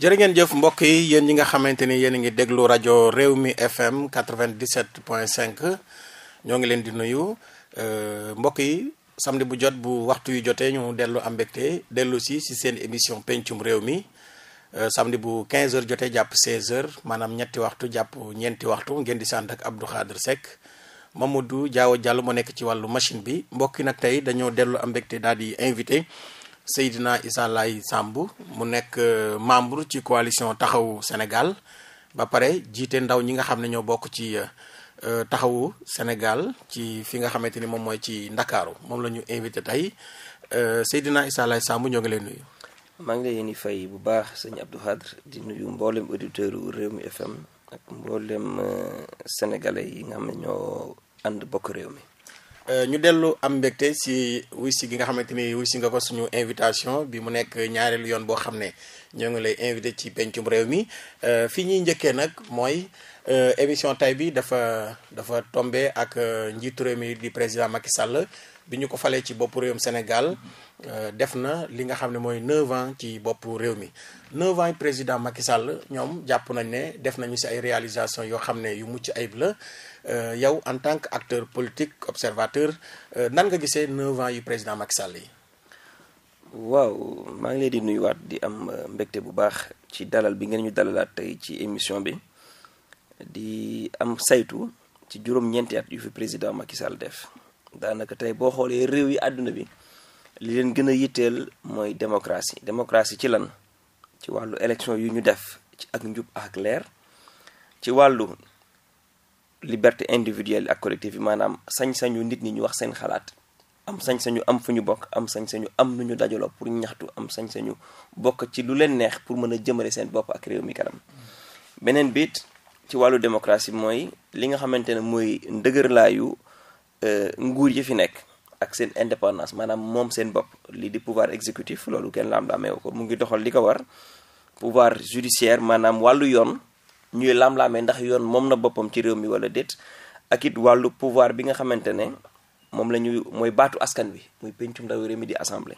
jërë ngeen jëf mbokk yi yéen ñi nga xamante ni yéen a ngi déglu rajo réew mi FM 97.5 ñoo ngi leen di nuyu euh, mbokk yi samedi bu jot bu waxtu yu jotee ñu dellu am mbégte dellu si si seen émission pencum réew mi euh, samedi bu 15h jotee jàpp 16h maanaam ñetti waxtu jàpp ñeenti waxtu ngeen di sant ak Abdou Khadre ma Mamadou Diaw jàll moo nekk ci wàllu machine bi mbokk yi nag tey dañoo dellu am mbégte daal di invité. Seydina na Laye Samb mu nekk euh, membre ci coalition taxawu Sénégal ba pare jiite ndaw ñi nga xam ne ñoo bokk ci euh, euh, taxawu Sénégal ci fi nga xamante ni moom mooy ci Ndakaaru moom la ñu invité tey Seydina Issa Laye Samb ñoo ngi leen nuyu. maa ngi leen di fay bu baax sëñ Abdou Khadre di nuyu mboolem auditeur réew mi FM ak mboolem sénégalais yi nga xam ne ñoo ànd bokk réew mi. Euh, ñu dellu am mbégte si wuy si gi nga xamante ni wuy si nga ko suñu invitation bi mu nekk ñaareelu yoon boo xam ne ñoo ngi lay invité ci pencum réew mi euh, fi ñuy njëkkee nag mooy euh, émission tay bi dafa dafa tombé ak njiitu réew mi di président Macky Sall bi ñu ko falee ci boppu bopp réewum Sénégal def na li nga xam ne mooy 9 ans ci boppu réew mi 9 président Macky Sall ñoom jàpp nañ ne def nañu si ay réalisation yoo xam ne yu mucc ayib la. Euh, yow en tant que acteur politique observateur euh, nan nga gisee neuf ans yu président Macky Sall yi. waaw maa ngi leen di nuyuwaat di am euh, mbegte bu baax ci dalal bi ngeen ñu dalalaat tey ci émission bi di am saytu ci juróom-ñeenti at yu fi président Macky Sall def daanaka tey boo xoolee réew yi àdduna bi li leen gën a yitteel mooy démocratie démocratie ci lan ci wàllu élection yu ñu def ci ak njub ak leer ci wàllu liberté individuelle ak collective bi maanaam sañ-sañu nit ñi ñu wax seen xalaat am sañ-sañu am fu ñu bokk am sañ-sañu am nu ñu dajaloo pour ñaxtu am sañ-sañu bokk ci lu leen neex pour mën a jëmale seen bopp ak réew mi kanam beneen biit ci wàllu démocratie mooy li nga xamante ne mooy ndëgërlaayu euh, nguur yi fi nekk ak seen indépendance maanaam moom seen bopp lii di pouvoir exécutif loolu kenn laam-laameewu ko mu ngi doxal li ko war pouvoir judiciaire maanaam wàllu yoon ñuy lam-laamee ndax yoon moom na boppam ci réew mi wala déet ak it wàllu pouvoir bi nga xamante ne moom la ñuy mooy baatu askan wi muy pencum ndaw réew mi di assemblée.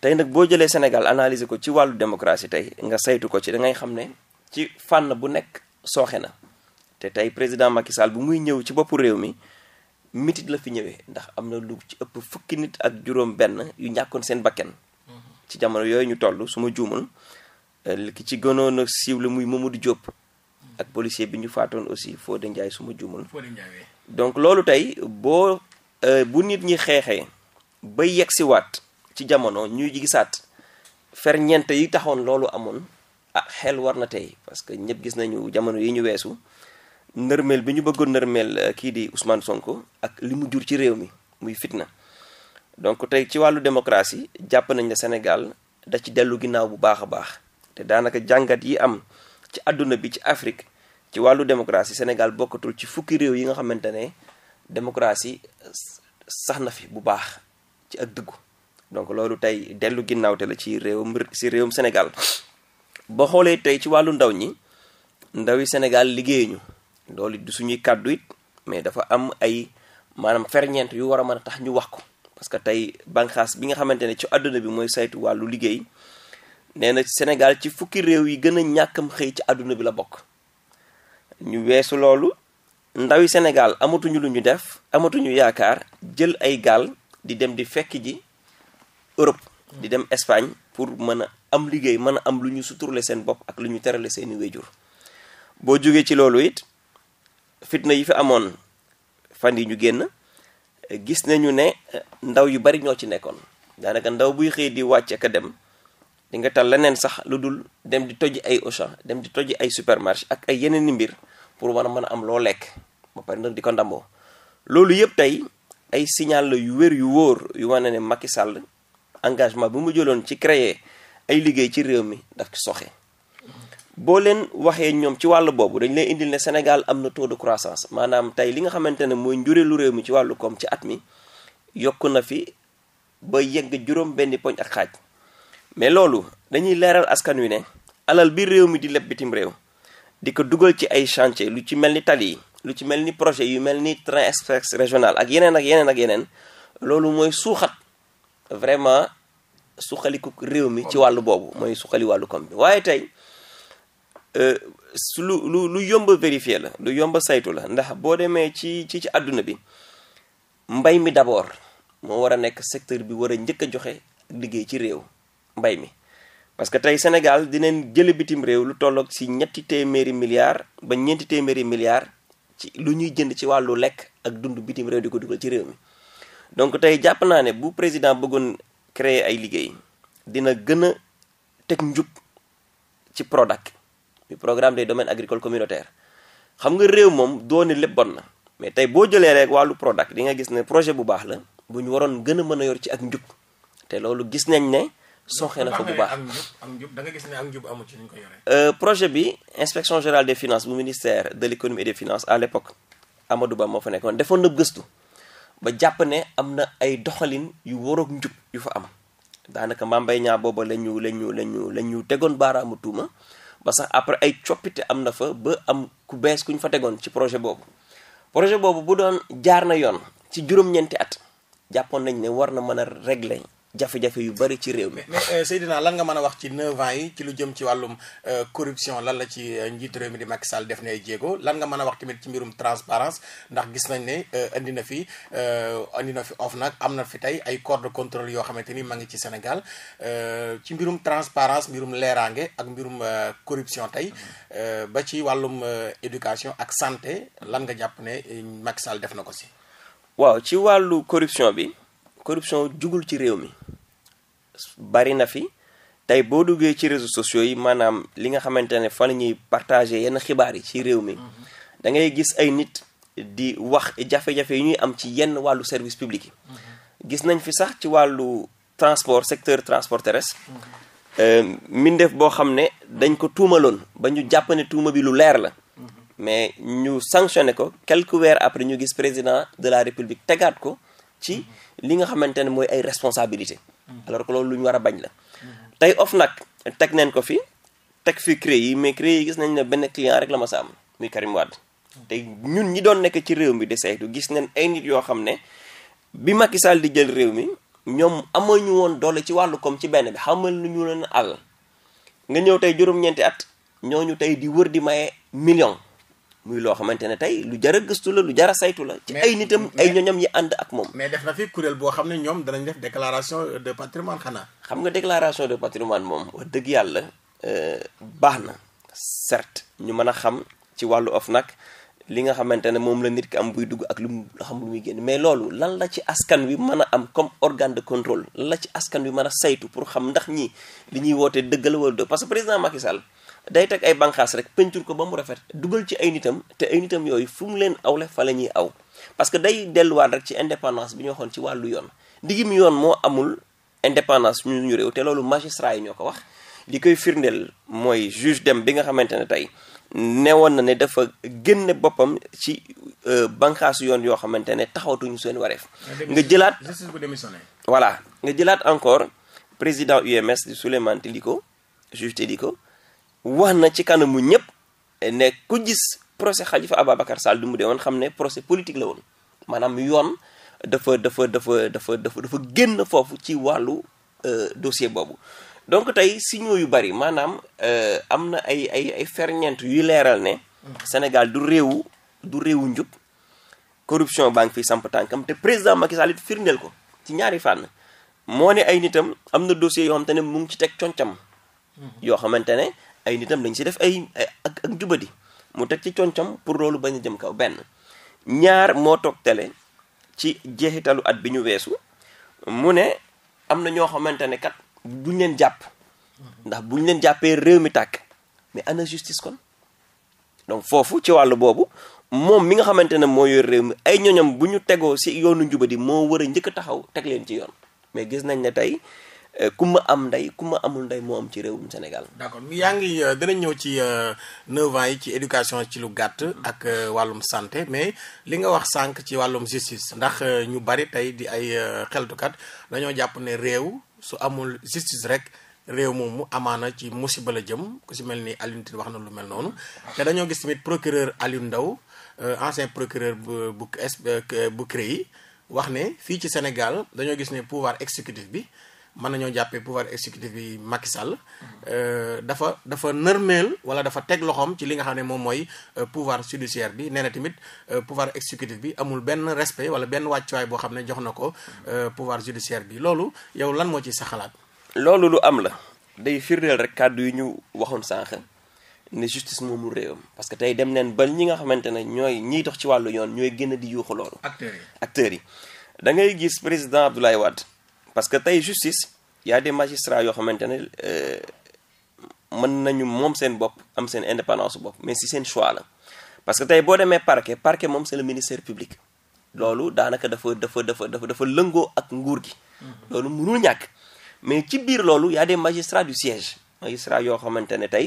tey nag boo jëlee Sénégal analyser ko ci wàllu démocratie tey nga saytu ko ci da ngay xam ne ci fànn bu nekk sooxe na te tey président Macky Sall bu muy ñëw ci boppu réew mi mitit la fi ñëwee ndax am na lu ci ëpp fukki nit ak juróom benn yu ñàkkoon seen bakken mhm. ci jamono yooyu ñu toll su ma juumul eh, ci gënoon a siiw la muy ak policier bi ñu faatoon aussi Fodé Ndiaye su ma jumul donc loolu tey boo euh, bu nit ñi xeexee ba yegg si ci jamono ñuy gisaat ferñeent yi taxoon loolu amoon a ah, xel war na tey parce que ñëpp gis nañu jamono yi ñu weesu nërmeel bi ñu bëggoon nërmeel euh, kii di Ousmane Sonko ak li mu jur ci réew mi muy fitna donc tey ci wàllu démocratie jàpp nañ ne Sénégal da ci dellu ginnaaw bu baax a baax te daanaka jàngat yi am ci àdduna bi ci Afrique ci wàllu démocratie Sénégal bokkatul ci fukki réew yi nga xamante ne démocratie sax na fi bu baax ci ak dëggu donc loolu tey dellu ginnaaw te la ci réewum si réewum Sénégal boo xoolee tey ci wàllu ndaw ñi ndawi Sénégal liggéeyuñu loolu du suñuy kàddu it mais dafa am ay maanaam ferñeent yu war a mën a tax ñu wax ko parce que tey bànqaas bi nga xamante ne ci àdduna bi mooy saytu wàllu liggéey nee na Sénégal ci fukki réew yi gën a ñàkkam xëy ci àdduna bi la bokk ñu weesu loolu ndawi Sénégal amatuñu lu ñu def amatuñu yaakaar jël ay gaal di dem di fekk ji Europe di dem Espagne pour mën a am liggéey mën a am lu ñu suturle seen bopp ak lu ñu terale seeni wéjur boo jógee ci loolu it fitna yi fi amoon fan yi ñu génn gis nañu ne ndaw yu bari ñoo ci nekkoon daanaka ndaw buy xëy di wàcc ak a dem di nga tal leneen sax lu dul dem di toj ay Auchan dem di toj ay supermarché ak ay yeneen mbir pour war a mën a am loo lekk ba pare nag di ko ndàmboo loolu yëpp tey ay signal yu wér yu wóor yu wane ne Macky Sall engagement bi mu jëloon ci créer ay liggéey ci réew mi daf ci soxe boo leen waxee ñoom ci wàll boobu dañ lay indil ne Sénégal am na taux de croissance maanaam tey li nga xamante ne mooy njureelu réew mi ci wàllu koom ci at mi yokk na fi ba yegg juróom poñ ak xaaj mais loolu dañuy leeral askan wi ne alal bi réew mi di leb bitim réew di ko dugal ci ay chantier lu ci mel ni tali lu ci mel ni projet yu mel ni train express régional ak yeneen ak yeneen ak yeneen loolu mooy suuxat vraiment suqaliku réew mi ci wàllu boobu mooy suqali wàllu kom bi waaye tey su euh, lu lu lu yomb vérifier la lu yomb saytu la ndax boo demee ci ci ci àdduna bi mbay mi d'abord moo war a nekk secteur bi war a njëkk a joxe liggéey ci réew mbay mi parce que tey Sénégal dinañ jële bitim réew lu tolloog ci ñetti téeméeri milliards ba ñeenti téeméeri milliards ci lu ñuy jënd ci wàllu lekk ak dund bitim réew di ko dugal ci réew mi donc tey jàpp naa ne bu président bëggoon créer ay liggéey dina gën a teg njub ci PRODAC bi programme des domaines agricoles communautaire xam nga réew moom doone lépp bon na mais tey boo jëlee rek wàllu PRODAC di nga gis ne projet bu baax la bu ñu waroon gën a mën a yor ci ak njub te loolu gis nañ ne sooxee na fa bu baax da nga gis ne ak njub amu ci ko yore. Euh, projet bi inspection générale des finance bu ministère de l'économie et des à l'époque Amadou Ba moo fa nekkoon defoon na gëstu ba jàpp ne am na ay doxalin yu waroog njub yu fa am daanaka Mbaye ñaa booba la ñu la ñu la la ñu tegoon baaraamu tuuma ba sax après ay coppite am na fa ba am ku bees ku fa tegoon ci projet boobu projet boobu bu doon jaar na yoon ci juróom-ñeenti at jàppoon nañ ne war na mën a régler jafe-jafe yu bari ci réew mi. mais euh, Seydina lan nga mën a wax ci 9 yi ci lu jëm ci wàllum euh, corruption lan la ci euh, njiitu réew mi di Macky Sall def ne jéego lan nga mën a wax tamit ci mbirum transparence ndax gis nañ ne indi na fi indi na fi OFNAC am na fi tey ay corps de contrôle yoo xamante ni ma ngi ci Sénégal ci mbirum transparence mbirum leeraange ak mbirum corruption tey ba ci wàllum éducation ak santé lan nga jàpp ne Macky def na ko si. waaw ci wàllu corruption bi corruption jugul ci réew mi bari na fi tey boo duggee ci réseau sociaux yi maanaam li nga xamante ne fa la ñuy partager yenn xibaar yi ci réew mi mhm. da ngay gis ay nit di wax jafe-jafe yu ñuy am ci yenn wàllu service public yi mhm. gis nañ fi sax ci wàllu transport secteur transport terrestre mhm. euh, mbindeef boo xam ne dañ ko tuumaloon ba ñu jàpp ne tuuma bi lu leer la mais ñu sanctionné ko quelques après ñu gis président de la république tegaat ko ci li nga xamante ne mooy ay responsabilité Mm-hmm. alors ko loolu lu ñu war a bañ la. Mm-hmm. tey nag teg neen ko fi teg fi CREI yi mais CREI yi gis nañ ne benn client rek la ma sa am muy Karim Wade. Mm-hmm. te ñun ñi doon nekk ci réew mi di saytu gis nañ ay nit yoo xam ne bi Macky saal di jël réew mi ñoom amañu woon doole ci wàllu comme ci benn bi xamal nu ñu leen àll nga ñëw tey juróom-ñeenti at ñooñu tey di wër di maye million muy loo xamante ne tey lu jar a gëstu la lu jar saytu la. ci ay nitam ay ñoñam yi ànd ak moom. mais def na fi kuréel boo xam ne ñoom danañ def déclaration de patrimoine xanaa. xam nga déclaration de patrimoine moom wax dëgg yàlla euh, baax na. certes ñu mën a xam ci wàllu of nag li nga xamante ne moom la nit ki am buy dugg ak lu mu xam lu muy génn mais loolu lan la ci askan wi mën a am comme organ de contrôle lan la ci askan wi mën a saytu pour xam ndax ñi li ñuy wootee dëgg la wala parce que président Macky day teg ay bànqaas rek peinture ko ba mu rafet dugal ci ay nitam te ay nitam yooyu fu mu leen awle fa la ñuy aw parce que day delluwaat rek ci indépendance bi ñu waxoon ci wàllu yoon digim yoon moo amul indépendance ñu ñu réew te loolu magistrat yi ñoo ko wax li koy firndeel mooy juge dem bi nga xamante ne tey newoon na ne dafa génne boppam ci euh, bànqaasu yoon yoo xamante ne taxawatuñu seen wareef nga jëlaat justice voilà nga jëlaat encore président UMS di Souleymane Teliko juge Teliko wax na ci kanamu ñëpp nekk ku gis procès Khalifa Ababacar Sall du mu dee woon xam ne procès politique la woon maanaam yoon dafa dafa dafa dafa dafa dafa génn foofu ci wàllu euh, dossier boobu donc tey signaux yu bari maanaam euh, am na ay ay ay ferñeent yuy leeral ne Sénégal du réewu du réewu njub corruption baa ngi fi samp tànkam te président Macky Sall firndeel ko ci ñaari fànn moo ne ay nitam am na dossier yoo xamante ne mu ci teg concam hmm. yoo xamante ne ay nitam dañ si def ay ak ak jubadi mu teg ci concam pour loolu bañ a jëm kaw benn ñaar moo toog tele ci jeexitalu at bi ñu weesu mu ne am na ñoo xamante ne kat buñ leen jàpp ndax buñ leen jàppee réew mi tàkk mais ana justice kon donc foofu ci wàll boobu moom mi nga xamante ne moo réew mi ay ñoñam bu ñu tegoo si yoonu njubadi moo war a njëkk a taxaw teg leen ci yoon mais gis nañ ne tey Euh, ku ma am ndey ku ma amul ndey moo am ci réewum Sénégal. d'accord yaa ngi euh, dinañ ñëw ci euh, neuf ans yi ci éducation ci lu gàtt. ak wàllum santé mais li nga wax sànq ci wàllum justice ndax ñu bari tey di ay xeltukat dañoo jàpp ne réew su amul justice rek. réew moom moomu amaana ci musiba bala jëm ku si mel ni Alioune Tine wax na lu mel noonu te dañoo gis tamit procureur Alioune Ndao ancien procureur bu bu bu CREI wax ne fii ci Sénégal dañoo gis ne pouvoir exécutif bi mën nañoo jàppee pouvoir exécutif bi Macky Sall euh, dafa dafa nërmeel wala dafa teg loxoom ci li nga xam ne moom mooy euh, pouvoir judiciaire bi nee na tamit euh, pouvoir exécutif bi amul benn respect wala benn wàccuwaay boo xam ne jox na ko pouvoir judiciaire bi loolu yow lan moo ci sa xalaat. loolu lu am la. day firndeel rek kàddu yi ñu waxoon sànq ne justice moomu réewam parce que tey dem neen ba ñi nga xamante ne ñooy ñiy dox ci wàllu yoon ñooy génn di yuuxu loolu. acteurs yi acteurs yi da ngay gis président Abdoulaye Wade. parce que tey justice yaa a des magistrats yoo xamante ne euh, mën nañu moom seen bopp am seen indépendance bopp mais si seen choix la parce que tey boo demee parquet parquet moom c'est le ministère public loolu daanaka dafa dafa dafa dafa dafa lëngoo ak nguur gi mm-hmm. loolu mënul ñàkk mais ci biir loolu yaa de des magistrats du siège magistrats yoo xamante ne tey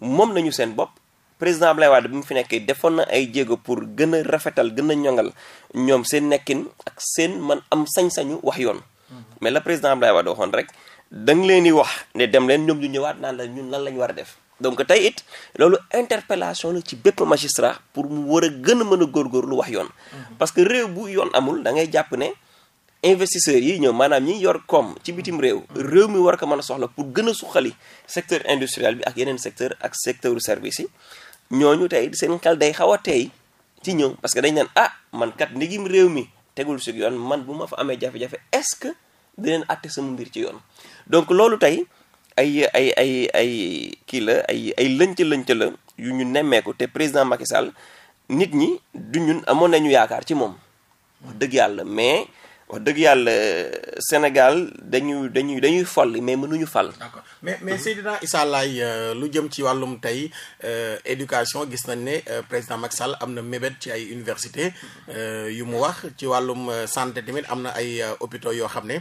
moom nañu seen bopp président Abdoulaye Wade bi mu fi nekkee defoon na ay jéego pour gën a rafetal gën a ñoŋal ñoom seen nekkin ak seen man am sañ-sañu wax yoon mais le président Abdoulaye Wade waxoon rek da leen di wax ne dem leen ñoom ñu ñëwaat naan la ñun lan la ñu war a def donc tey it loolu interpellation la ci bépp magistrat pour mu war a gën a mën a góorgóorlu wax yoon mhm. parce que réew bu yoon amul da ngay ne investisseurs yi ñëw maanaam ñi yor koom ci bitim réew mhm. réew mi war ko mën a soxla pour gën a suqali secteur industriel bi ak yeneen secteur ak secteur service yi ñoo ñu tey seen xel day xaw a tey ci ñëw parce que dañ leen ah man kat ndigim réew mi tegul si yoon man bu ma fa amee jafe-jafe est-ce dineen àtte sama mbir ci yoon donc loolu tey ay ay ay ay kii la ay ay lënc lënc la yu ñu nemmeeku te président Macky nit ñi du ñun amoon nañu yaakaar ci moom wax dëgg yàlla mais wax dëgg yàlla Sénégal dañu dañuy dañuy folli mais mënuñu fal. d'accord mais mais Seydina Issa Laye euh, lu jëm ci wàllum tey euh, éducation gis nañ ne euh, président Macky Sall am na mébét ci ay université yu mu wax ci wàllum santé tamit am na ay hôpitaux yoo xam ne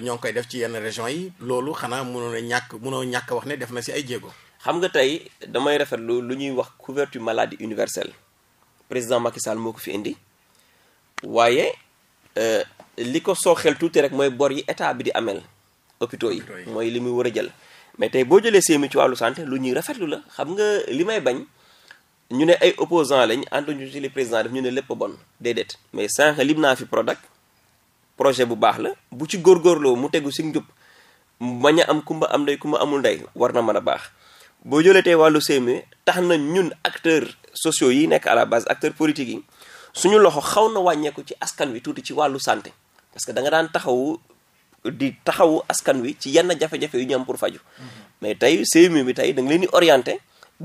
ñoo ngi koy def ci yenn régions yi loolu xanaa mënoon a ñàkk mënoo ñàkk wax ne def na si ay jéego. xam nga tey damay rafetlu lu ñuy wax couverture maladie universelle président Macky Sall moo ko fi indi waaye. li ko sooxeel tuuti rek mooy bor yi état bi di amel hôpitaux yi mooy li muy war a jël mais tey boo jëlee seemi ci wàllu sante lu ñuy rafetlu la xam nga li may bañ ñu ne ay opposant lañ ànduñu ci li président def ñu ne lépp bon déedéet mais sànq lim naa fi projet bu baax la bu ci góorgóorloo mu tegu si njub bañ am kumba am ndey kumba amul ndey war na mën a baax boo jëlee tey wàllu seemi tax na ñun acteurs sociaux yi nekk à la base acteurs politiques yi suñu loxo xaw na wàññeeku ci askan wi tuuti ci wàllu sante parce que da nga daan taxawu di taxawu askan wi ci yenn jafe-jafe yu ñu am pour faju mhm. mais tey CMU bi tey da leen di orienté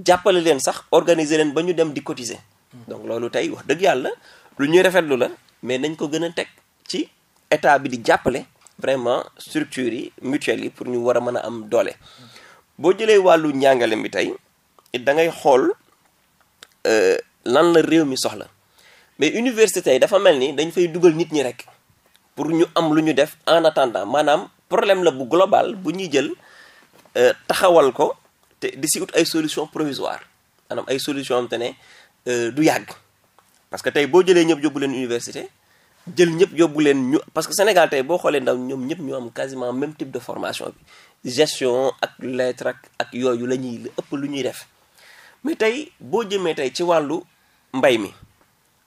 jàppale leen sax organiser leen ba ñu dem di cotiser. Mhm. donc loolu tey wax dëgg yàlla lu ñuy rafetlu la mais nañ ko gën a teg ci état bi di jàppale vraiment structures yi mutuelles yi pour ñu war a mën a am doole. Mhm. boo jëlee wàllu njàngale mi tey da ngay xool euh, lan la réew mi soxla mais université yi dafa mel ni dañ fay dugal nit ñi rek. pour ñu am lu ñu def en attendant maanaam problème la bu global bu ñuy jël euh, taxawal ko te di si ut ay solution provisoire maanaam ay solution am te ne euh, du yàgg parce que tey boo jëlee ñëpp yóbbu leen université jël ñëpp yóbbu leen ñu parce que Sénégal tey boo xoolee ndaw ñoom ñëpp ñu am quasiment même type de formation bi gestion ak lettre ak yooyu la ñuy ëpp lu ñuy def mais tey boo jëmee tey ci wàllu mbay mi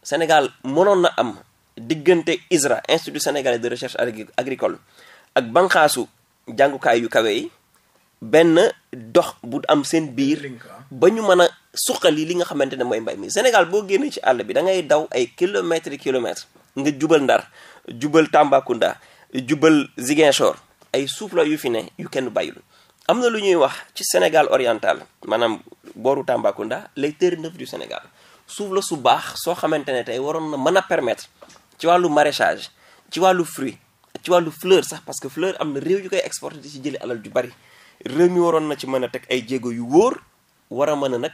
Sénégal mënoon na am diggante ISRA institut sénégalais de recherche agricole ak banqaasu jàngukaay yu kawee yi benn dox bu am seen biir ah. ba ñu mën a suqali li nga xamante ne mooy mbay mi Sénégal boo génnee ci àll bi da ngay daw ay kilomètres i kilomètres nga jubal Ndar jubal Tambacounda jubal Ziguinchor ay suuf la yu fi ne yu kenn bàyyul am na lu ñuy wax ci Sénégal oriental maanaam booru Tambacounda les terres neuves du Sénégal suuf la su baax soo xamante ne tey waroon na mën a permettre ci wàllu maraîchage ci wàllu fruit ci wàllu fleur sax parce que fleur am na réew yu koy exporté di ci jëlee alal ju bari réew mi waroon na ci mën a teg ay jéego yu wóor war a mën a nag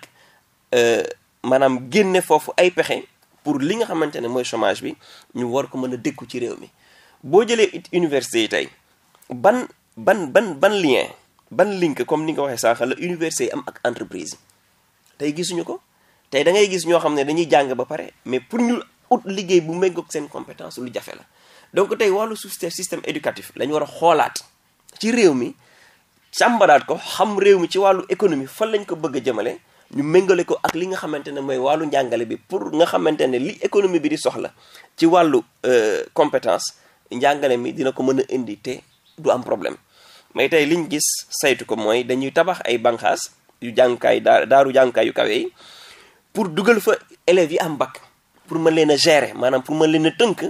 euh, maanaam génne foofu ay pexe pour li nga xamante ne mooy chomage bi ñu war ko mën a dékku ci réew mi boo jëlee it université yi tey ban ban ban ban lien ban link comme ni nga waxee sànq la université yi am ak entreprise tey gisuñu ko tey da gis ñoo xam ne dañuy jàng ba ut liggéey bu méngoog seen compétence lu jafe la donc tey wàllu suuf système éducatif la ñu war a xoolaat ci réew mi cambaraat ko xam réew mi ci wàllu économie fan lañ ko bëgg a jëmale ñu méngale ko ak li nga xamante ne mooy wàllu njàngale bi pour nga xamante ne li économie bi di soxla ci wàllu euh, compétence njàngale mi dina ko mën a indi te du am problème mais tey liñ gis saytu ko mooy dañuy tabax ay banqaas yu jàngukaay daaru jàngukaay yu kawe pour dugal fa élèves am bac pour mën leen a gérer maanaam pour mën leen a tënk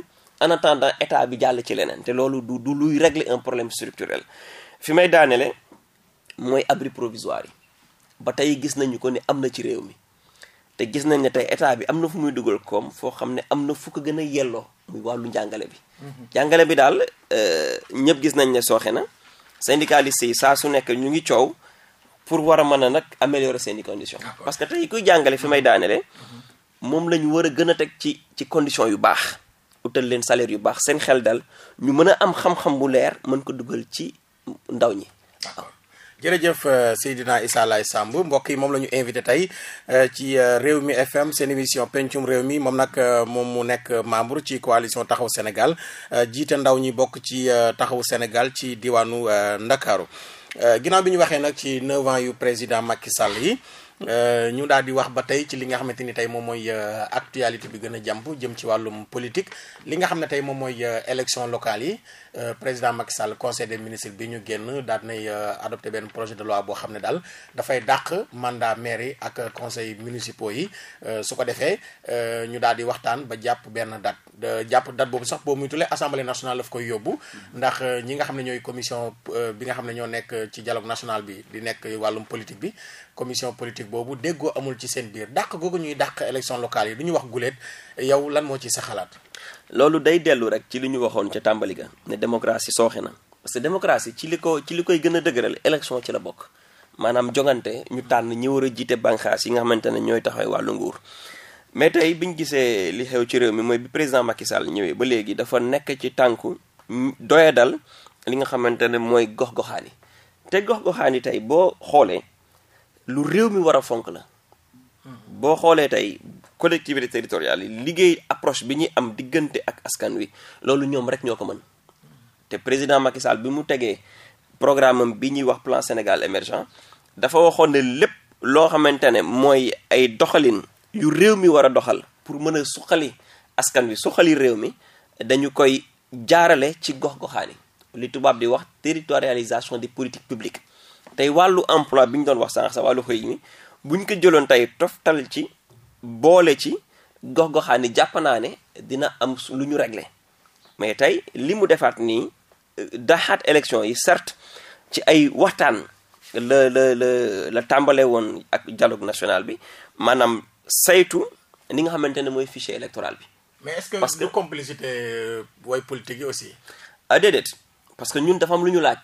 en attendant état bi jàll ci leneen te loolu du du luy régler un problème structurel fi may daaneele mooy abri provisoire yi ba tey gis nañu ko ni am na ci réew mi te gis nañ ne tey état bi am na fu muy dugal koom foo xam ne am na fu ko gën a yelloo muy wàllu jàngale bi mhm. njàngale bi daal euh, ñëpp gis nañ ne sooxe na syndicalistes yi saa su nekk ñu ngi coow pour war a mën a nag améliorer seen i conditions parce que tey kuy fi may daanele mhm. moom la ñu war a gën a teg ci ci condition yu baax utal leen salaire yu baax seen xel dal ñu mën a am xam-xam bu leer mën ko dugal ci ndaw ñi waaw jërëjëf euh, Seydina Issa sàmb mbokk yi moom la ñu invité tey euh, ci euh, réew mi FM seen émission pencum réew mi moom nag moom mu nekk membre ci coalition taxaw senegal jiite ndaw ñi bokk ci taxaw Sénégal ci diwaanu Ndakaaru ginnaaw bi ñu waxee nag ci 9 yu président Macky sàll yi Euh, ñu daal di wax ba tey ci li nga xamante ni tey moom mooy euh, actualité bi gën a jàmp jëm ci wàllum politique li nga xam ne tey moom mooy euh, élection locale yi président Macky Sall conseil des ministres bi ñu génn daal nay adopté benn projet de loi boo xam ne daal dafay dàq mandat maire yi ak conseil municipaux yi su ko defee ñu daal di waxtaan ba jàpp benn date jàpp date boobu sax boo muy tulee assemblée nationale daf koy yóbbu ndax euh, ñi nga xam ne ñooy commission euh, bi nga xam ne ñoo nekk euh, ci dialogue national bi di nekk wàllum politique bi commission politique boobu déggoo amul ci seen biir dàq googu ñuy dàq élection locale yi du ñu wax guleet yow lan moo ci sa xalaat loolu day dellu rek ci li ñu waxoon ca tàmbali ga ne démocratie sooxe na parce que démocratie ci li ko ci li koy gën a dëgëral élection ci la bokk maanaam jongante ñu tànn ñi war a jiite bànqaas yi nga xamante ne ñooy taxawee wàllu nguur mais tey bi ñu gisee li xew ci réew mi mooy bi président Macky Sall ñëwee ba léegi dafa nekk ci tànku doya dal li nga xamante ne mooy gox-goxaan te gox-goxaan tey boo xoolee lu réew mi war a fonk la boo xoolee tey collectivité territoriale yi liggéey approche bi ñuy am diggante ak askan wi loolu ñoom rek ñoo ko mën te président Macky Sall bi mu tegee programme am bi ñuy wax plan Sénégal émergent dafa waxoon ne lépp loo xamante ne mooy ay doxalin yu réew mi war a doxal pour mën a suqali askan wi suqali réew mi dañu koy jaarale ci gox goxaani li tubaab di wax teritorialisation des politiques publiques tey wàllu emploi bi ñu doon wax sànq sa wàllu xëy mi ñu ko jëloon tey toftal ci boole ci gox-goxaan yi jàpp naa ne dina am lu ñu réglé mais tey li mu defaat nii euh, daxaat élection yi certes ci ay waxtaan la la la la tàmbale woon ak dialogue national bi saytu ni nga xamante ne mooy fichier électoral bi. mais est-ce que parce que complicité euh, way politique ah, parce que ñun dafa am lu ñu laaj.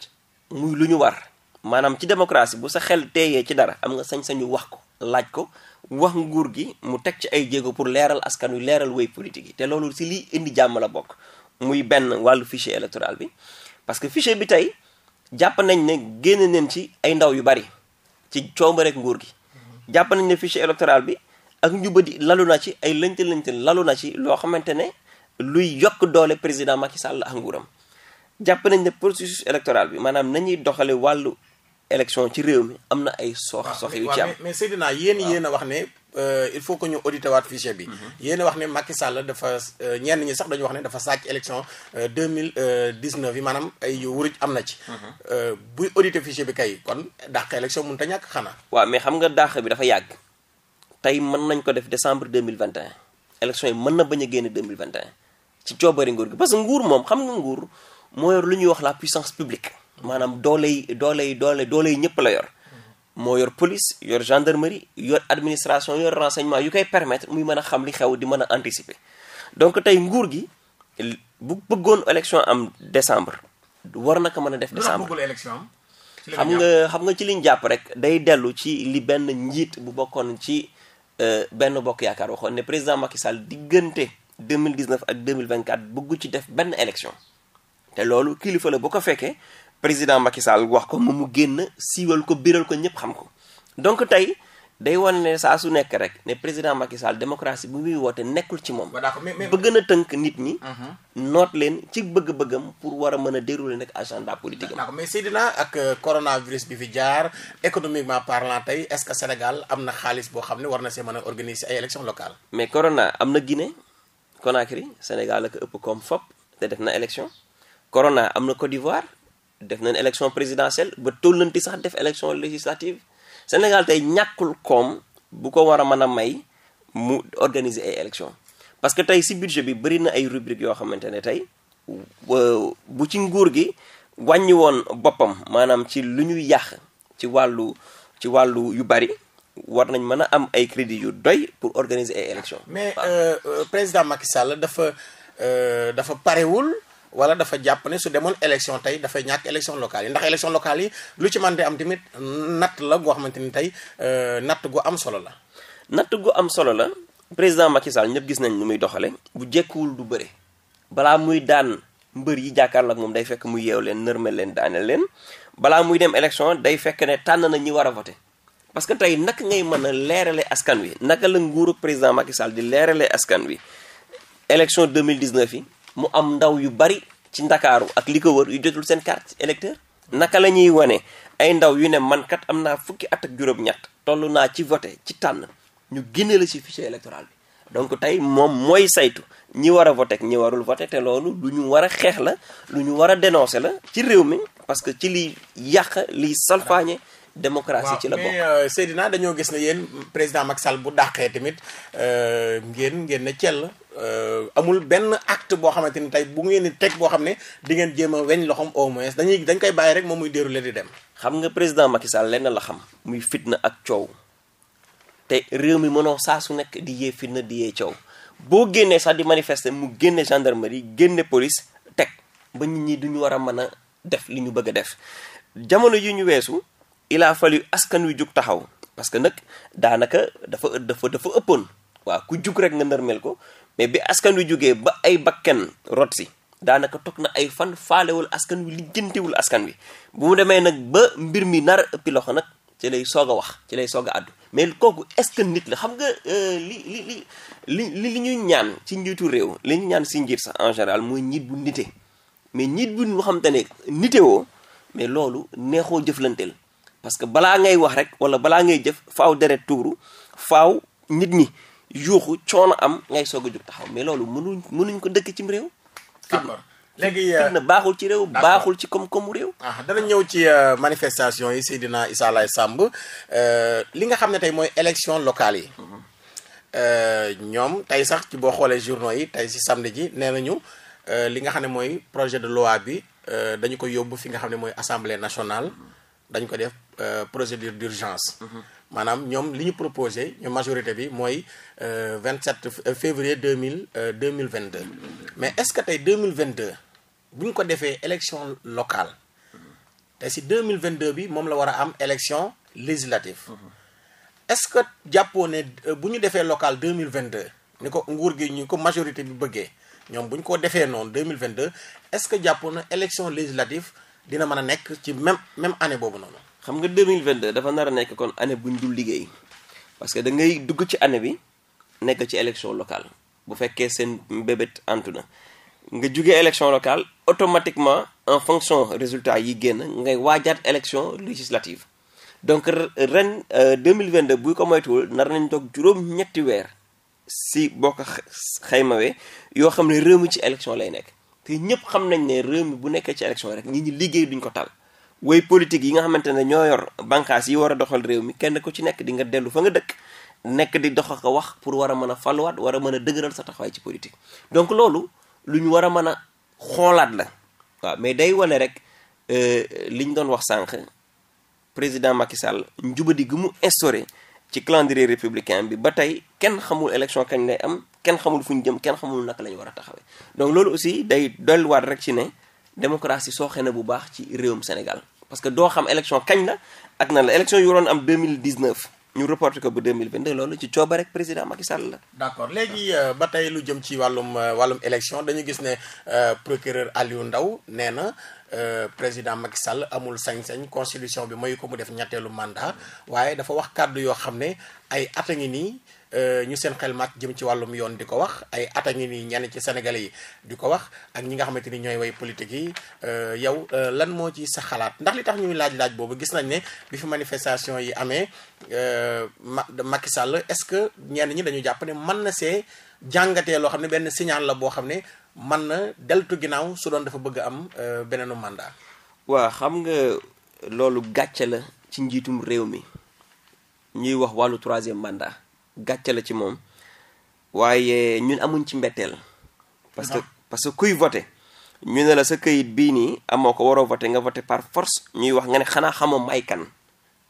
muy lu ñu war. maanaam ci démocratie bu sa xel teeyee ci dara am nga sañ-sañu wax ko laaj ko wax nguur gi mu teg ci ay jéego pour leeral askan wi leeral way politique yi te loolu si liy indi jàmm la bokk muy benn wàllu fichier électoral bi parce que fichier bi tey jàpp nañ ne génn neen ci ay ndaw yu bari ci coomba rek nguur gi jàpp ne fichier électoral bi. ak njubadi lalu na ci ay lënt lënt lalu na ci loo xamante ne luy yokk doole président Macky Sall ak nguuram jàpp nañ ne processus électoral bi maanaam nañuy doxale wàllu élection ci réew mi am na ay sox sox yu ci am mais Seydina yéen yéen a wax ne euh, il faut que ñu audité waat bi mhm. yéen wax ne Macky Sall dafa euh, ñenn ñi sax dañu wax ne dafa sàcc élection euh, deux mille dix-neuf yi maanaam ay wuruj am na ci mhm. buy audité fichier bi kay kon dàq élection mënut a ñàkk xanaa waaw mais xam nga dàq bi dafa yàgg tey mën nañ ko def décembre 2021 élection yi mën na bañ a génn 2021 ci coobari nguur gi parce que nguur moom xam nga nguur moo yor lu ñuy wax la puissance publique maanaam dooley dooley doole dooley ñëpp la yor moo yor police yor gendarmerie yor administration yor renseignement yu koy permettre muy mën a xam li xew di mën a anticiper donc tey nguur gi bu bëggoon élection am décembre war na ko mën a def décembre xam nga xam nga ci liñ jàpp rek ci li benn njiit bu bokkoon ci Euh, benn bokk yaakaar waxoon ne président Macky Sall diggante 2019 ak 2024 bëggu ci def benn élection te loolu kilifa la boo ko fekkee président Macky wax ko moom mu génn siiwal ko biral ko ñëpp xam ko donc tey day wane ne saa su nekk rek ne président Macky Sall démocratie bu muy woote nekkul ci moom. bëgg na tënk nit ñi. Mhm. noot leen ci bëgg-bëggam pour war a mën a dérouler nag agenda politique am. mais Seydina ak euh, coronavirus bi fi jaar économiquement parlant tey est-ce que Sénégal am na xaalis boo xam ne war na see mën a organiser ay élections locales. mais corona am na Guinée Conakry Sénégal la ko ëpp comme fop te def na élection corona am na Côte d'Ivoire def nañ élection présidentielle ba tollanti sax def élection législative. Sénégal tey ñàkkul koom bu ko war a mën a may mu organiser ay élections parce que tey si budget bi bëri na ay rubrique yoo xamante ne tey euh, bu ci nguur gi wàññi woon boppam maanaam ci lu ñuy yàq ci wàllu ci wàllu yu bëri war nañ mën a am ay crédit yu doy pour organiser ay élections mais euh, euh, président Macky Sall dafa dafa parewul wala dafa jàpp ne su demoon élection tey dafay ñàkk élection locale yi ndax élection locale yi lu ci man di am tamit natt la goo xamante ni tey euh, natt gu am solo la. natt gu am solo la président Macky Sall ñëpp gis nañ ni muy doxale bu jekkuwul du bëre balaa muy daan mbër yi jàkkaarloo ak moom day fekk mu yeew leen nërmel leen daaneel leen balaa muy dem élection day fekk ne tànn na ñi war a voté. parce que tey naka ngay mën a leerale askan wi naka la nguuru président Macky Sall di leerale askan wi élection 2019 yi mu am ndaw yu bari ci ndakaaru ak li ko wër yu jotul seen carte électeur naka la ñuy wane ay ndaw yu ne man am naa fukki at ak juróom-ñett toll naa ci voté ci tànn ñu génne la ci fichier électoral bi donc tey moom mooy saytu ñi war a voté ak ñi warul voté te loolu lu ñu war a xeex la lu ñu war a dénoncé la ci réew mi parce que ci liy yàq liy salfaañe démocratie ci la bokk mais euh, dañoo gis ne yéen président Macky Sall bu daqee tamit euh, ngeen ngeen ne cell euh, amul benn acte boo xamante ni tey bu ngeen di teg boo xam ne di ngeen jéem weñ loxoom au moins dañuy dañ koy bàyyi rek moom muy déroulé di dem. xam nga président Macky Sall lenn la xam. muy fitna ak coow te réew mi mënoo saa su nekk di yee fitna di yee coow boo génnee sax di manifester mu génne gendarmerie génne police teg ba nit ñii duñu war a mën a def li ñu bëgg a def jamono yi ñu weesu. il a fallu askan wi jug taxaw parce que nag daanaka dafa dafa dafa ëppoon waaw ku jug rek nga ndërmel ko mais bi askan wi jugee ba ay bakken rot si daanaka toog na ay fan faalewul askan wi lijjantewul askan wi bu mu demee nag ba mbir mi nar a ëppi loxo nag ci lay soog a wax ci lay soog a àddu mais kooku est-ce que nit la xam nga euh, li li li li ñuy ñaan ci njiitu réew li ñu ñaan si njiit sax en général mooy njiit bu nite mais njiit bu ñu xamante ne nitewoo mais loolu neexoo jëflanteel parce que balaa ngay wax rek wala balaa ngay jëf faaw deret tuuru faaw nit ñi yuuxu coon am ngay soog a taxaw mais loolu mënuñ mënuñ ko dëkk ci cim réew. d'accord léegi baaxul ci réew baaxul ci comme koom-koomu réew. Ah, dana ñëw ci euh, manifestation yi Seydina Issa Laye Samb euh, li nga xam ne tey mooy élection locale yi. Mhm. Euh, ñoom tey sax ci boo xoolee journaux yi tey si samedi ji nee nañu li nga xam ne mooy projet de loi bi dañu ko yóbbu fi nga xam ne mooy assemblée nationale mhm. dañ ko def. Euh, procédure d'urgence mhm. maanaam ñoom li ñu proposé ñu majorité bi mooy 27 euh, février 2000 2022 euh, mais est-ce que tey 2022 bu ñu ko defee élection locale te si 2022 bi moom la war a am élection législative mhm. est-ce que jàppoo ne bu ñu defee locale 2022 ni ko nguur gi ñu ko majorité bi bëggee ñoom bu ko defee noonu 2022 est-ce que jàppoo na élection législative dina mën a nekk ci même même année boobu noonu xam nga 2022 dafa nar a nekk kon bu buñ dul liggéey parce que da ngay dugg ci année bi nekk ci élection local bu fekkee seen bébét antu na nga jugee élection local automatiquement en fonction résultat yi génn ngay waajaat élection législative donc ren 2022 euh, buy ko moytuwul nar nañ toog juróom-ñetti weer si boo ko xaymawee yoo xam ne réew mi ci élection lay nekk te ñëpp xam nañ ne réew bu nekkee ci élection rek ñi ñi liggéey duñ ko tal woy politique yi nga xamante ne ñoo yor bànqaas yi war a doxal réew mi kenn ku ci nekk di nga dellu fa nga dëkk nekk di dox ko wax pour war a mën a faluwaat war a mën a dëgëral sa taxawaay ci politique. donc loolu lu ñu war a mën a xoolaat la waaw mais day wane rek euh, li ñu doon wax sànq président Macky Sall njubadi gi mu instauré ci calendrier républicain bi ba tey kenn xamul élection kañ lay am kenn xamul fu ñu jëm kenn xamul naka la ñu war a taxawee donc loolu aussi day dolliwaat rek ci ne. démocratie sooxe na bu baax ci réewum Sénégal parce que doo xam élection kañ la ak na la élection yu waroon am 2019 ñu reporté ko ba 2022 loolu ci cooba rek président Macky Sall la. d'accord léegi euh, ba tey lu jëm ci wàllum euh, wàllum élection dañu gis ne euh, procureur Aliou Ndao nee na président Macky Sall amul sañ-sañ constitution bi mayu ko mu def ñetteelu mandat waaye dafa wax kàddu yoo xam ne ay at a ngi nii. Euh, ñu seen xel màcc jëm ci wàllum yoon di ko wax ay at a ngi nii ñenn ci sénégalais yi di ko wax ak ñi nga xamante ni ñooy way politique yi euh, yow euh, lan moo ci sa xalaat ndax li tax ñuy laaj laaj boobu gis nañ ne bi fi manifestation yi amee ma Macky Sall est-ce que ñenn ñi dañu jàpp ne man na see jàngatee loo xam ne benn signal la boo xam ne man na deltu ginnaaw su doon dafa bëgg am beneenu mandat. waa xam nga loolu gàcce la ci njiitum réew mi ñuy wax wàllu troisième mandat. gàcce la ci moom waaye eh, ñun amuñ ci mbetteel. parce que parce que kuy vote ñu ne la sa këyit bii nii amoo ko waroo vote nga vote par force ñuy wax nga ne xanaa xamoo may kan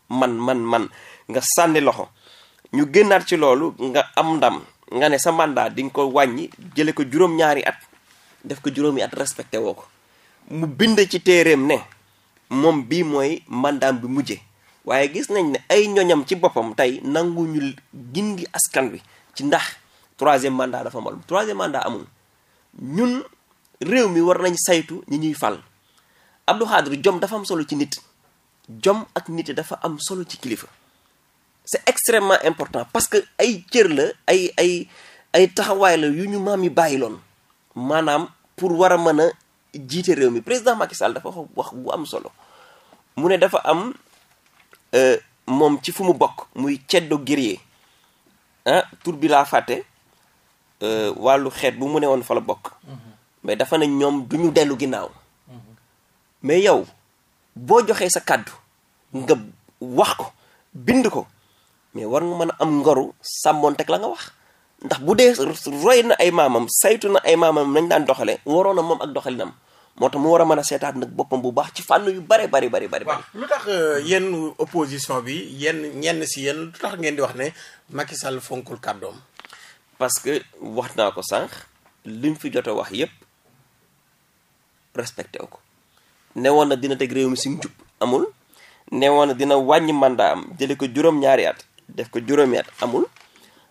man man man nga sànni loxo ñu génnaat ci loolu nga am ndam nga ne sa mandat di nga ko wàññi jële ko juróom-ñaari at def ko juróomi at respecté woo ko mu bind ci téeréem ne moom bii mooy mandaam bi mujje waaye gis nañ ne ay ñoñam ci boppam tey nanguñu gindi askan wi ci ndax troisième mandat dafa mal troisième mandat amul ñun réew mi war nañ saytu ñi ñuy fal Abdou Khadre jom dafa am solo ci nit jom ak nit dafa am solo ci kilifa c'est extrêmement important parce que ay cër la ay ay ay taxawaay la yu ñu maam yi bàyyi loon maanaam pour war a mën a jiite réew mi président Macky Sall dafa wax bu am solo mu ne dafa am Euh, moom ci fu mu bokk muy ceddo guerrier ah tur bi laa fàtte euh, wàllu xeet bu mu ne woon fa la bokk mm-hmm. mais dafa ne ñoom du ñu dellu ginnaaw mm-hmm. mais yow boo joxee sa kàddu nga wax ko bind ko mais war nga mën a am ngoru sàmmonteg la nga wax ndax bu dee roy na ay maamam saytu na ay maamam nañ daan doxale waroon na moom ak doxalinam moo tax mu war a mën a seetaat nag boppam bu baax ci fànn yu bare bari bari bari waaw lu tax euh, yenn opposition bi yenn ñenn si yenn lu tax ngeen di wax ne Macky Sall fonkul kàddoom parce que wax naa ko sànq li mu fi jot a wax yépp respecté wu ko newoon na dina teg réew mi si njub amul newoon na dina wàññi mandat am jële ko juróom-ñaari at def ko juróomi at amul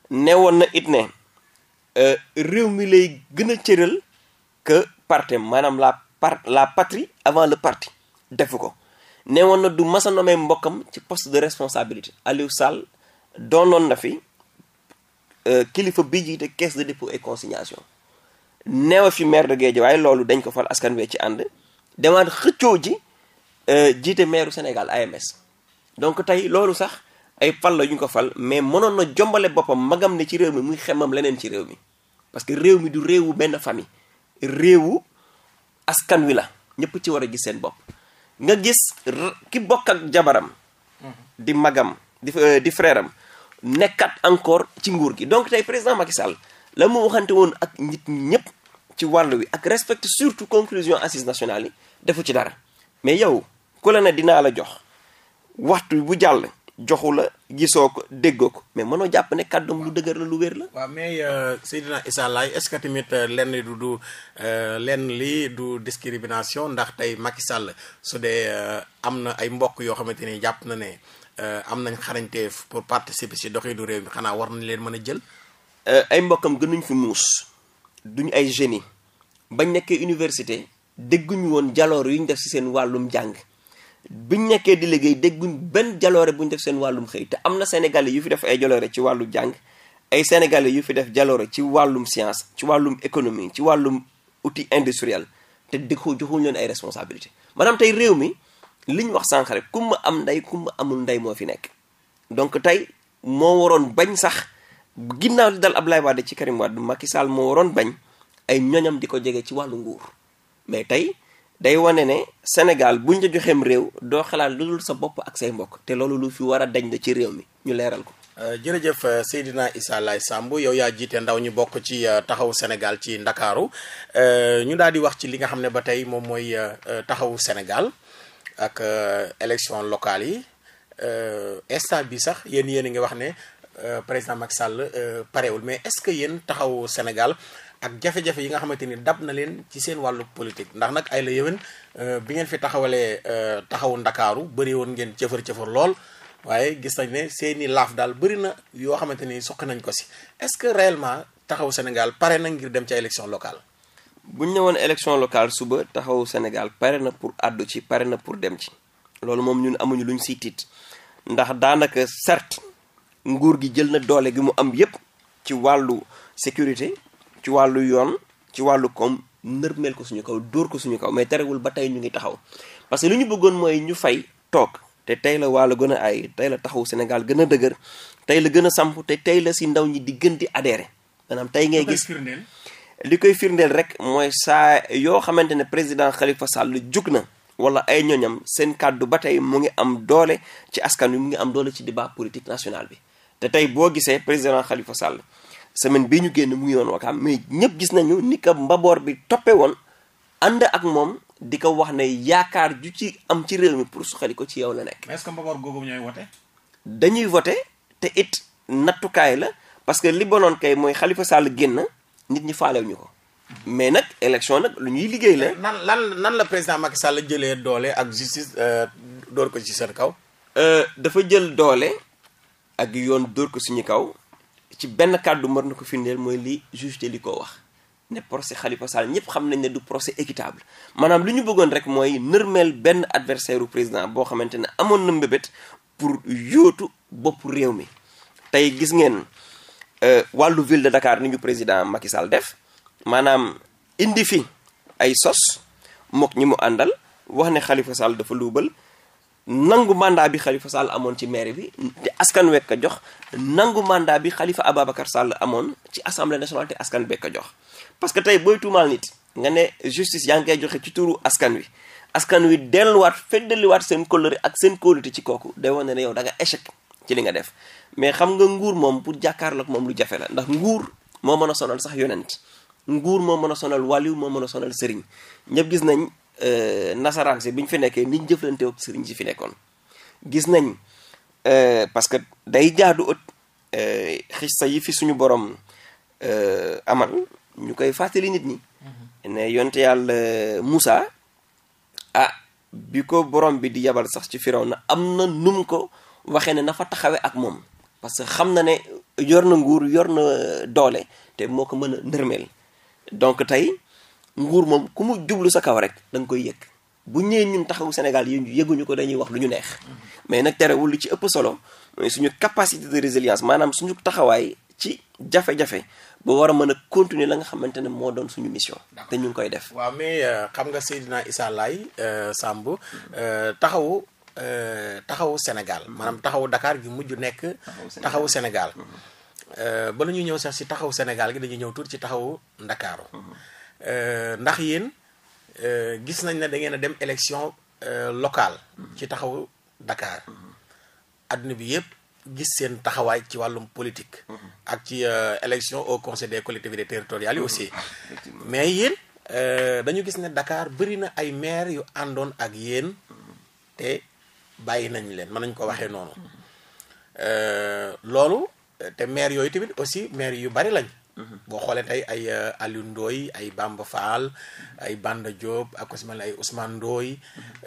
newoon na it ne euh, réew mi lay gën a cëral que partem maanaam la par la patrie avant le parti defu ko neewoon na du mas a nommé mbokkam ci poste de responsabilité Aliou Sall doonoon na fi euh, kilifa bi jiite caisse de dépôt et consignation neewa fi maire de waaye loolu dañ ko fal askan wee ci ànd demaat xëccoo ji euh, jiite mairu Sénégal AMS donc tey loolu sax ay fal la ñu ko fal mais mënoon na jombale boppam magam ne ci réew mi muy xemmam leneen ci réew mi parce que réew mi du réewu benn famille réewu askan wi la ñëpp ci war a gis seen bopp nga gis ki bokk ak jabaram mhm. di magam di di frère am nekkat encore ci nguur gi donc tey président Macky Sall la mu waxante woon ak nit ñëpp ci wàll wi ak respecte surtout conclusion assises nationale yi defu ci dara mais yow ku la ne dinaa la jox waxtu bu jàll joxu la gisoo ko déggoo ko mais mënoo jàpp ne kàddum lu dëgër la lu wér la. waaw mais euh, Seydina Issa Laye est-ce que tamit euh, lenn du du euh, lenn li du discrimination ndax tey Macky Sall su dee am na ay mbokk yoo xamante ni jàpp na ne am nañ xarañteef pour participer ci du réew mi xanaa war nañ leen mën a jël. ay mbokkam gënuñ fi muus duñu ay génie bañ nekkee université dégguñu woon jaloor yu ñu def si seen wàllum jàng. biñ ñekkee di liggéey dégguñ benn jaloore bu def seen wàllum xëy te am na sénégalais yu fi def ay jaloore ci wàllu jàng ay sénégalais yu fi def jaloore ci wàllum science ci wàllum économie ci wàllum uti industriel te dëkku joxuñ leen ay responsabilité maanaam tey réew mi liñ wax sànq rek kumba am ndey kumba amul ndey moo fi nekk donc tey moo waroon bañ sax ginnaaw li dal ab Ablaye Wade ci Karim Wade Macky Sall moo waroon bañ ay ñoñam di ko jege ci wàllu nguur mais tey day wane ne Sénégal buñ la joxeem réew doo xalaat lu dul sa bopp ak say mbokk te loolu lu fi war a dañ la ci réew mi ñu leeral ko. Euh, jërëjëf euh, Seydina Issa Laye Samb yow yaa jiite ndaw ñu bokk ci euh, taxawu Sénégal ci ndakaaru ñu daal di wax ci li nga xam ne ba tey moom mooy taxawu Sénégal ak élection locale yi instant bi sax yéen yéen a ngi wax ne président Macky Sall parewul mais est-ce que yéen taxawu Sénégal. ak jafe-jafe yi nga xamante ni dab na leen ci seen wàllu politique ndax nag ay la yéwén euh, bi ngeen fi taxawalee euh, taxawu ndakaaru bëri woon ngeen cëfar-cëfar lool waaye gis nañ ne seeni laaf daal bëri na yoo xamante ni suqi nañ ko si est-ce que réellement taxawu Sénégal pare na ngir dem ca élection locale buñ ne woon élection locale suba taxawu Sénégal pare na pour àddu ci pare na pour dem ci loolu moom ñun amuñu luñ siy tiit ndax daanaka certes nguur gi jël na doole gi mu am yépp ci wàllu sécurité ci wàllu yoon ci wàllu koom nërmeel ko suñu kaw dóor ko suñu kaw mais terewul ba tey ñu ngi taxaw parce que li ñu bëggoon mooy ñu fay toog te tey la wàllu gën a ay tey la taxaw Sénégal gën a dëgër tey la gën a samp te tey la si ndaw ñi di gën di tey ngay gis li koy firndeel rek mooy saa yoo xamante ne président Khalifa Sall jug na wala ay ñoñam seen kàddu ba tey mu ngi am doole ci askan wi mu ngi am doole ci débat politique national bi te tey boo gisee président Khalifa Sall semaine bii ñu génn mu ngi yoon wakaam mais ñëpp gis nañu ni ko mbaboor bi toppe woon ànd ak moom di ko wax ne yaakaar ju ci am ci réew mi pour suqali ko ci yow la nekk. mais est-ce que mbaboor googu ñooy wote. dañuy wote te it nattukaay la parce que li bonoon kay mooy xalifa Sall génn nit ñi faalew ñu ko. mais nag élection nag lu ñuy liggéey la. nan nan nan la président Macky Sall jëlee doole ak justice euh, door ko ci seen kaw. Euh, dafa jël doole ak yoon dóor ko suñu kaw. ci benn kàddu mën na ko firndeel mooy lii juge te li ko wax ne procès Khalifa Sall ñëpp xam nañ ne du procès équitable maanaam lu ñu bëggoon rek mooy nërmeel benn adversaire u président boo xamante ne amoon na mbébét pour yóotu boppu réew mi tey gis ngeen euh, wàllu ville de Dakar ni ñu président Macky Sall def maanaam indi fi ay sos mook ñi mu àndal wax ne Khalifa Sall dafa luubal nangu mandat bi Khalifa Sall amoon ci maire bi te askan wekk a jox nangu mandat bi Khalifa Ababacar Sall amoon ci assemblée nationale te askan bekk a jox parce que tey booy tuumaal nit nga ne justice yaa ngi koy joxe ci turu askan wi askan wi delluwaat feddaliwaat seen kóllëre ak seen kóolute ci kooku day wane ne yow da nga échec ci li nga def mais xam nga nguur moom pour jàkkaarloog moom lu jafe la ndax nguur moo mën a sonal sax yonent nguur moo mën a sonal wàliw moo mën a sonal sëriñ ñëpp Euh, nasaraan si bi ñu fi nekkee niñ jëflante woon sëriñ si fi nekkoon gis nañ euh, parce que day jaadu ët euh, xissa yi fi suñu borom amal ñu koy fàttali nit ñi mhm. ne yonte yàlla Moussa ah bi ko borom bi di yabal sax ci firaw na am na num ko waxee ne na fa taxawe ak moom parce que xam na ne yor na nguur yor na doole te moo ko mën a ndërmeel donc tey nguur moom ku mu jublu sa kaw rek da koy yëg bu ñëwee ñun taxawu Sénégal yi yëguñu ko dañuy wax lu ñu neex mais nag terewul li ci ëpp solo mooy suñu capacité de maanaam suñu taxawaay ci jafe-jafe war a mën a continuer la nga xamante ne moo doon suñu mission. te ñu ngi koy def. waaw mais euh, xam nga Seydina Issa Laye euh, Samb euh, taxawu taxawu Sénégal maanaam taxawu Dakar gi mujj nekk. taxawu Sénégal. Mhm. ba la ñuy ñëw sax si taxawu Sénégal gi dañuy ñëw tuuti ci taxawu Ndakaaru. Mhm. Euh, ndax yéen euh, gis nañ ne da ngeen a dem élection euh, locale ci taxawu Dakar àdduna bi yëpp gis seen taxawaay ci wàllum politique ak ci élection au conseil des collectivités territoriales yi aussi mais yéen dañu gis ne Dakar bëri na ay maire yu àndoon ak yéen te bàyyi nañ leen mën nañ ko waxee noonu loolu te maire yooyu tamit aussi maire yu bari lañ Mm-hmm. boo xoolee tey ay euh, Alioune ay Bamba Fall ay Banda Diop ak ku si mel ay Ousmane Ndoye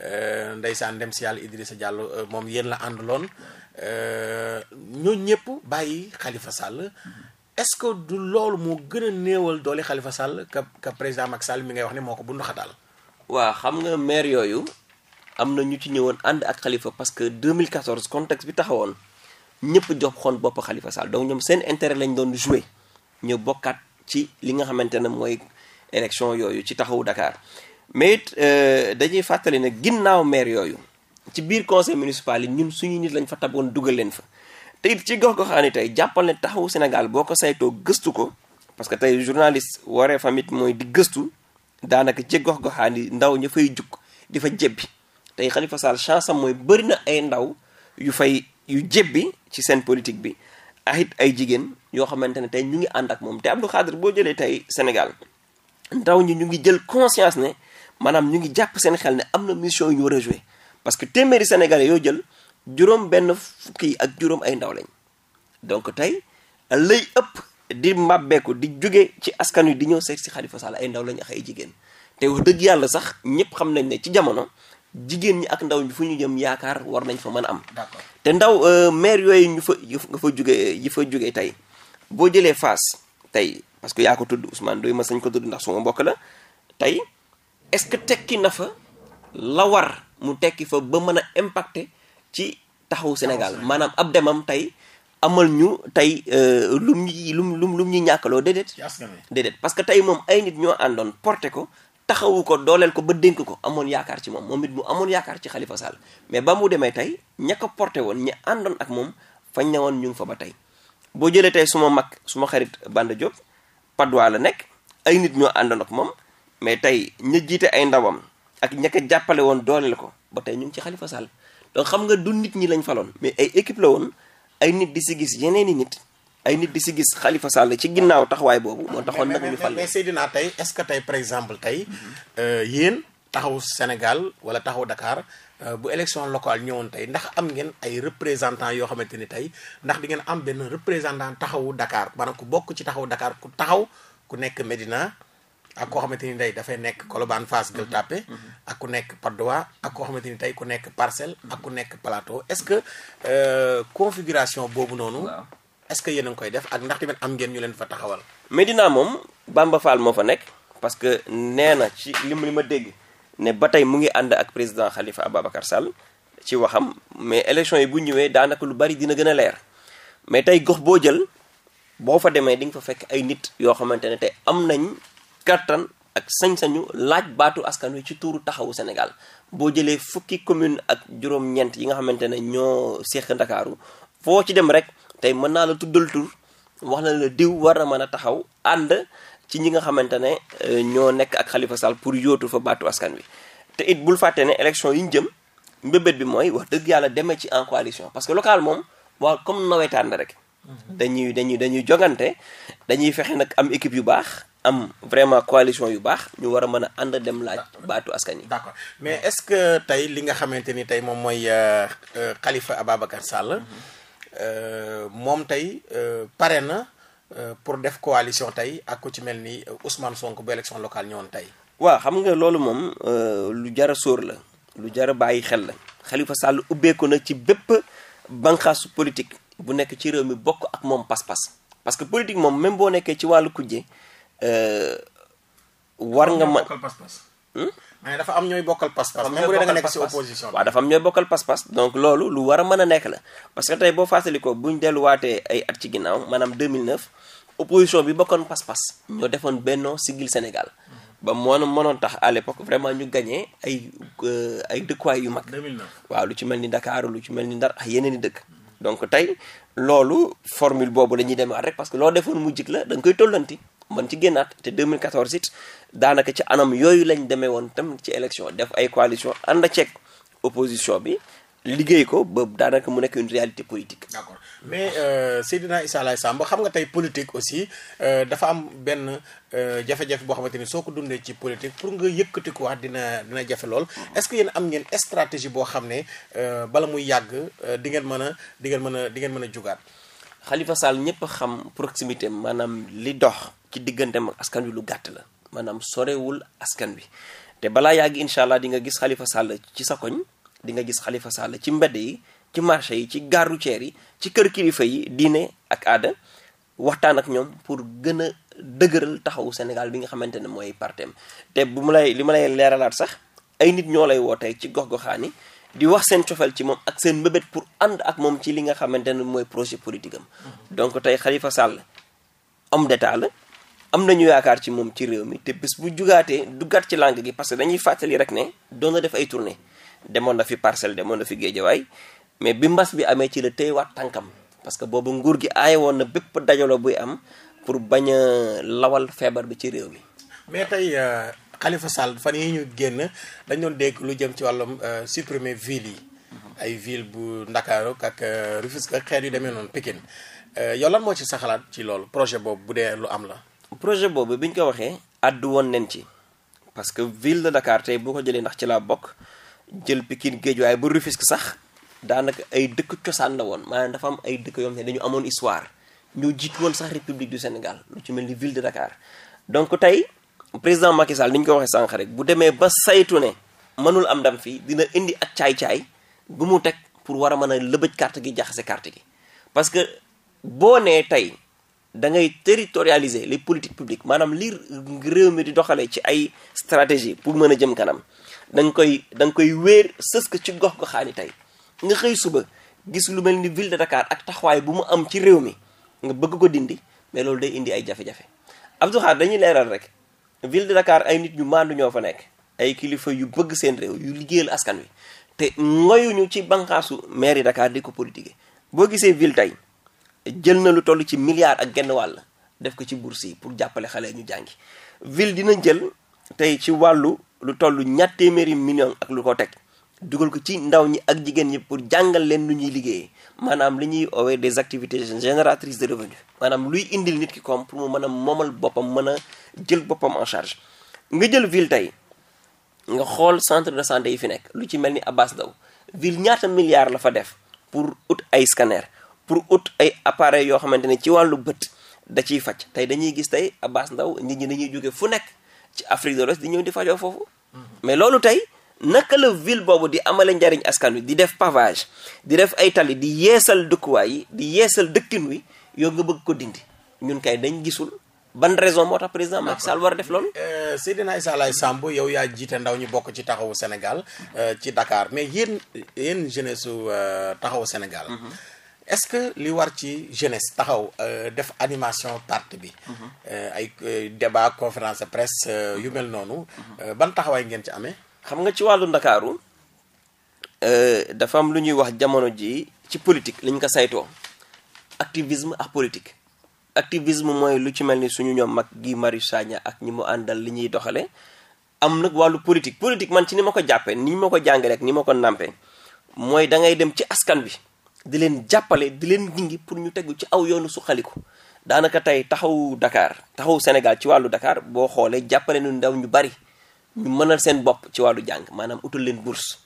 euh, ndeysaan dem si yàlla sa Diallo euh, moom yéen la àndaloon ñooñu ñëpp bàyyi xalifa Sall mm-hmm. est-ce que du loolu moo gën a néewal doole xalifa Sall ka ka président Macky Sall mi ngay wax ne moo ko bu ndoxataal waaw xam nga maire yooyu am na ñu ci ñëwoon ànd ak Khalifa parce que 2014 contexte bi taxawoon ñëpp jox xoon bopp xalifa Sall donc ñoom seen intérêt lañ doon jouer ñu bokkaat ci li nga xamante ne mooy élection yooyu ci taxawu dakaar mais it euh, dañuy fàttali ne ginnaaw maire yooyu ci biir conseil municipal yi ñun suñu nit lañ fa taboon dugal leen fa te it ci gox goxaan yi tey jàppal ne taxawu Sénégal boo ko saytoo gëstu ko parce que tey journaliste waree famit mooy di gëstu daanaka ci gox goxaan yi ndaw ña fay jukk di fa jébbi tey Khalifa Sall chance am mooy bëri na ay ndaw yu fay yu jébbi ci seen politique bi ahit ay jigéen yoo xamante ne tey ñu ngi ànd ak moom te Abdou Khadre boo jëlee tey Sénégal ndaw ñi ñu ngi jël conscience ne maanaam ñu ngi jàpp seen xel ne am na mission yu ñu war a jouer parce que téeméeri sénégalais yoo jël juróom benn fukki ak juróom ay ndaw lañ donc tey lay ëpp di mbàbbeeku di jóge ci askan wi di ñëw seet si Khalifa Sall ay ndaw lañ ak ay jigéen te dëgg yàlla sax ñëpp xam nañ ne ci jamono jigéen ñi ak ndaw ñi fu ñu jëm yaakaar war nañ fa mën a am. d'accord te ndaw euh, maire yooyu ñu fa nga fa jugee yi fa jugee tey boo jëlee Fass tey parce que yaa ko tudd Ousmane ma sañ ko tudd ndax suma mbokk la tey est-ce que tekki na fa la war mu tekki fa ba mën a impacter ci taxawu Sénégal maanaam ab demam tey amal ñu tey euh, lum ñi lum lum lum ñuy ñàkkaloo déedéet. déedéet parce que tey moom ay nit ñoo àndoon porté ko. taxawu ko dooleel ko ba dénk ko amoon yaakaar ci moom moom it mu amoon yaakaar ci Khalifa Sall mais ba mu demee tey ña ko porté woon ña àndoon ak moom fañ ne woon fa ba tey boo jëlee tey suma mag suma xarit Banda Diop Padois la nekk ay nit ñoo àndoon moom mais tey ña jiite ay ndawam ak ña jàppale woon dooleel ko ba tey ñu ngi ci Khalifa Sall donc xam nga du nit ñi lañ faloon mais ay équipe la woon ay nit di si gis yeneeni nit ay nit di si gis xalifa Sall ci ginnaaw taxawaay boobu moo taxoon nag ñu fal mais Seydina tey est-ce que tey par exemple tey mhm. euh, yéen taxaw Sénégal wala taxaw dakaar euh, bu élection local ñëwoon tey ndax am ngeen ay représentants yoo xamante ni tey ndax di ngeen am benn représentant taxawu dakaar maanaam ku bokk ci taxawu dakaar ku taxaw ku nekk Medina ak koo xamante ni tey dafay nekk Colobane Fass Gueule tàppe mhm. ak ku nekk Patte d'Oie ak koo xamante ni tey ku nekk Parcelles ak ku nekk Plateau est-ce que euh, configuration boobu noonu est-ce que yéen a ngi koy def ak ndax tamit am ngeen ñu leen fa taxawal. Medina moom Bamba Fall moo fa nekk parce que nee na ci li li ma dégg ne ba tey mu ngi ànd ak président Khalifa Ababacar Sall ci waxam mais élection yi bu ñëwee daanaka lu bari dina gën a leer mais tey gox boo jël boo fa demee di nga fa fekk ay nit yoo xamante ne tey am nañ kattan ak sañ-sañu laaj baatu askan wi ci tuuru taxawu Sénégal boo jëlee fukki commune ak juróom-ñeent yi nga xamante ne ñoo seq Ndakaaru foo ci dem rek. tey mën naa la tuddal tur wax na la diw war na mën a taxaw ànd ci ñi nga xamante ne euh, ñoo nekk ak xalifa Sall pour yootu fa baatu askan wi. te it bul fàtte ne élection yi ñu jëm mbëbët bi mooy wax dëgg yàlla demee ci en coalition parce que local moom waa comme nawetaan la rek. dañuy dañuy dañuy jogante dañuy fexe nag am équipe yu baax. am vraiment coalition yu baax ñu war a mën a ànd dem laaj baatu askan yi d'accord mais est-ce que tey li nga xamante ni tey moom mooy euh, euh, Khalifa Ababacar Sall mhm. Euh, moom tey euh, pare na euh, pour def coalition tey ak ku ci mel ni Ousmane sonk bu élection locale ñëwoon tey. waaw xam nga loolu moom lu jar a sóor la lu jar a bàyyi xel la xalifa sàll ubbeeku na ci bépp banqaasu politique bu nekk ci réew mi bokk ak moom pas-pas parce que politique moom même boo nekkee ci wàllu kujje war nga mën mais dafa am ñooy bokkal pas-pas même bu dee da nga nekk ci opposition waaw dafa am ñooy bokkal pas-pas donc loolu lu war a mën a nekk la parce que tey boo fàttalikoo buñ delluwaatee ay at ci ginnaaw maanaam 2009 opposition bi bokkoon pas-pas ñoo defoon Benno Siggil Sénégal ba moo mënoon tax à l'époque vraiment ñu gagné ay euh, ay dëkkuwaay yu mag waaw lu ci mel ni Dakar lu ci mel ni Ndar ak yeneen i dëkk donc tey loolu formule boobu la ñuy demaat rek parce que loo defoon mu jik la da koy tollanti mën ci génnaat te 2014 it daanaka ci anam yooyu lañ demee woon tam ci élection def ay coalition ànd a ceeg opposition bi liggéey ko ba daanaka mu nekk une réalité politique. d'accord mais euh, Seydina Issa Laye Samb xam nga tey politique aussi euh, dafa am benn euh, jafe-jafe boo xamante ni soo ko dundee ci politique pour nga yëkkati ko wax dina dina jafe lool. Mm-hmm. est-ce que yéen am ngeen stratégie boo xam ne bala muy yàgg di ngeen mën a di ngeen mën a di ngeen mën a jugaat. xalifa Sall ñëpp xam proximité maanaam li dox ci digganteem ak askan wi lu gàtt la maanaam sorewul askan bi te balaa yàgg incha allah di nga gis xalifa Sall ci sa koñ di nga gis xalifa Sall ci mbedd yi ci marché yi ci gare routière yi ci kër kilifa yi diine ak aada waxtaan ak ñoom pour gën a dëgëral taxawu Sénégal bi nga xamante ne mooy partem te bu ma lay li ma lay leeralaat sax ay nit ñoo lay wootee ci gox goxaan yi di wax seen cofeel ci moom ak seen mbébét pour ànd ak moom ci li nga xamante ne mooy projet politique am. donc tey Khalifa Sall homme d'état la am nañu yaakaar ci moom ci réew mi te bés bu jugaatee duggaat ci langue gi parce que dañuy fàttali rek ne doon na def ay tournée demoon na fi parcelle demoon na fi géejawaay mais bi mbas bi amee ci la téyewaat tànkam parce que boobu nguur gi aaye woon na bépp dajaloo buy am pour bañ a lawal feebar bi ci réew mi. mais euh, Khalifa Sall fan yi ñu génn dañ doon dégg lu jëm ci wàllum euh, supprimer ville yi. ay ville bu Ndakaaru ak euh, Rufisque xeet yu demee noonu Pikine euh, yow lan moo ci saxalaat ci loolu projet boobu bu dee lu am la. projet boobu bi ñu ko waxee. addu woon nañ ci parce que ville de Dakar tey boo ko jëlee ndax ci laa bokk jël géej Guédiawaye bu Rufisque sax daanaka ay dëkk cosaan la woon maanaam dafa am ay dëkk yoo ne dañu amoon histoire. ñu jiitu woon sax République du Sénégal ci mel ni ville de Dakar donc président Macky Sall ni ñu ko waxee sànq rek bu demee ba saytu ne mënul am ndam fii dina indi ak caay-caay bu mu teg pour war a mën a lëbëj carte gi jaxase carte gi parce que boo nee tey dangay ngay territorialiser les politiques publiques maanaam li réew mi di doxalee ci ay stratégie pour mën a jëm kanam da koy da koy wéer sës ko ci gox ko xaani tey nga xëy suba gis lu mel ni ville de Dakar ak taxawaay bu mu am ci réew mi nga bëgg ko dindi mais loolu day indi ay jafe-jafe Abdou dañuy leeral rek ville de Dakar ay nit ñu maandu ñoo fa nekk ay kilifa yu bëgg seen réew yu liggéeyal askan wi te ngoyuñu ci banqaasu mairie Dakar di ko politique boo gisee ville tey jël na lu toll ci milliard ak genn wàll def ko ci bourse yi pour jàppale xale ñu jàngi ville dina jël tey ci wàllu lu toll ñatt téeméeri million ak lu ko teg dugal ko ci ndaw ñi ak jigéen ñi pour jàngal leen lu ñuy liggéeyee maanaam li ñuy owee des activités génératrice de revenu maanaam luy indil nit ki koom pour mën a moomal boppam mën a jël boppam en charge nga jël ville tey nga xool centre de santé yi fi nekk lu ci mel ni Abass Ndao ville ñaata milliards la fa def pour ut ay scanner pour ut ay appareils yoo xamante ne ci wàllu bët da ciy faj tey dañuy gis tey Abass Ndao nit ñi dañuy jóge fu nekk ci Afrique de l'Ouest di ñëw di fajoo foofu mm-hmm. mais loolu tey naka la ville boobu di amale njariñ askan wi di def pavage di def ay tali di yeesal dëkkuwaay yi di yeesal dëkkin wi yow nga bëgg ko dindi ñun kay dañ ban raison moo tax président Macky Sall war a def loolu. Euh, Seydina Issa Laye Samb yow yaa jiite ndaw ñu bokk ci taxawu Sénégal euh, ci Dakar mais yéen yéen jeunesse su euh, taxawu Sénégal. Mhm. est-ce que li war ci jeunesse taxaw def animation parti bi. Mhm. ay débat conférence presse mhm. yu mel noonu. ban taxawaay ngeen ci amee. xam nga ci wàllu ndakaaru dafa am lu ñuy wax jamono ji ci politique lañ ko saytoo activisme ak politique. activism mooy lu ci mel ni suñu ñoom mag gi Marie Sagna ak ñi mu àndal li ñuy doxale am nag wàllu politique politique man ci ni ma ko jàppee ni ma ko jàngee rek ma ko nàmpee mooy da ngay dem ci askan bi di leen jàppale di leen ngi pour ñu tegu ci aw yoonu suqaliku daanaka tey taxawu dakaar taxaw Sénégal ci wàllu dakaar boo xoolee jàppale nu ndaw ñu bari ñu mënal seen bopp ci wàllu jàng maanaam utal leen bourse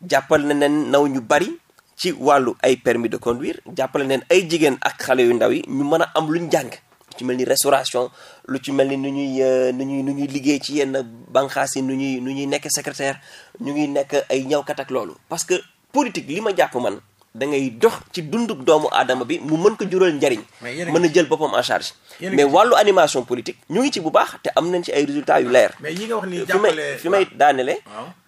jàppal na leen naw ñu bari ci wàllu ay permis de conduire jàppale leen ay jigéen ak xale yu ndaw yi ñu mën a am luñ jàng lu ci mel ni restauration lu ci mel ni nu ñuy euh, nu ñuy nu ñuy liggéey ci yenn banqaas yi nu ñuy nu ñuy nekk secrétaire ñu ngi nekk ay ñawkat ak loolu parce que politique li ma jàpp man da ngay dox ci dundub doomu aadama bi mu mën ko jural njariñ mën a jël boppam en charge mais wàllu animation politique ñu ngi ci bu baax te am nañ ci ay résultat yu leer fi may fi may daanele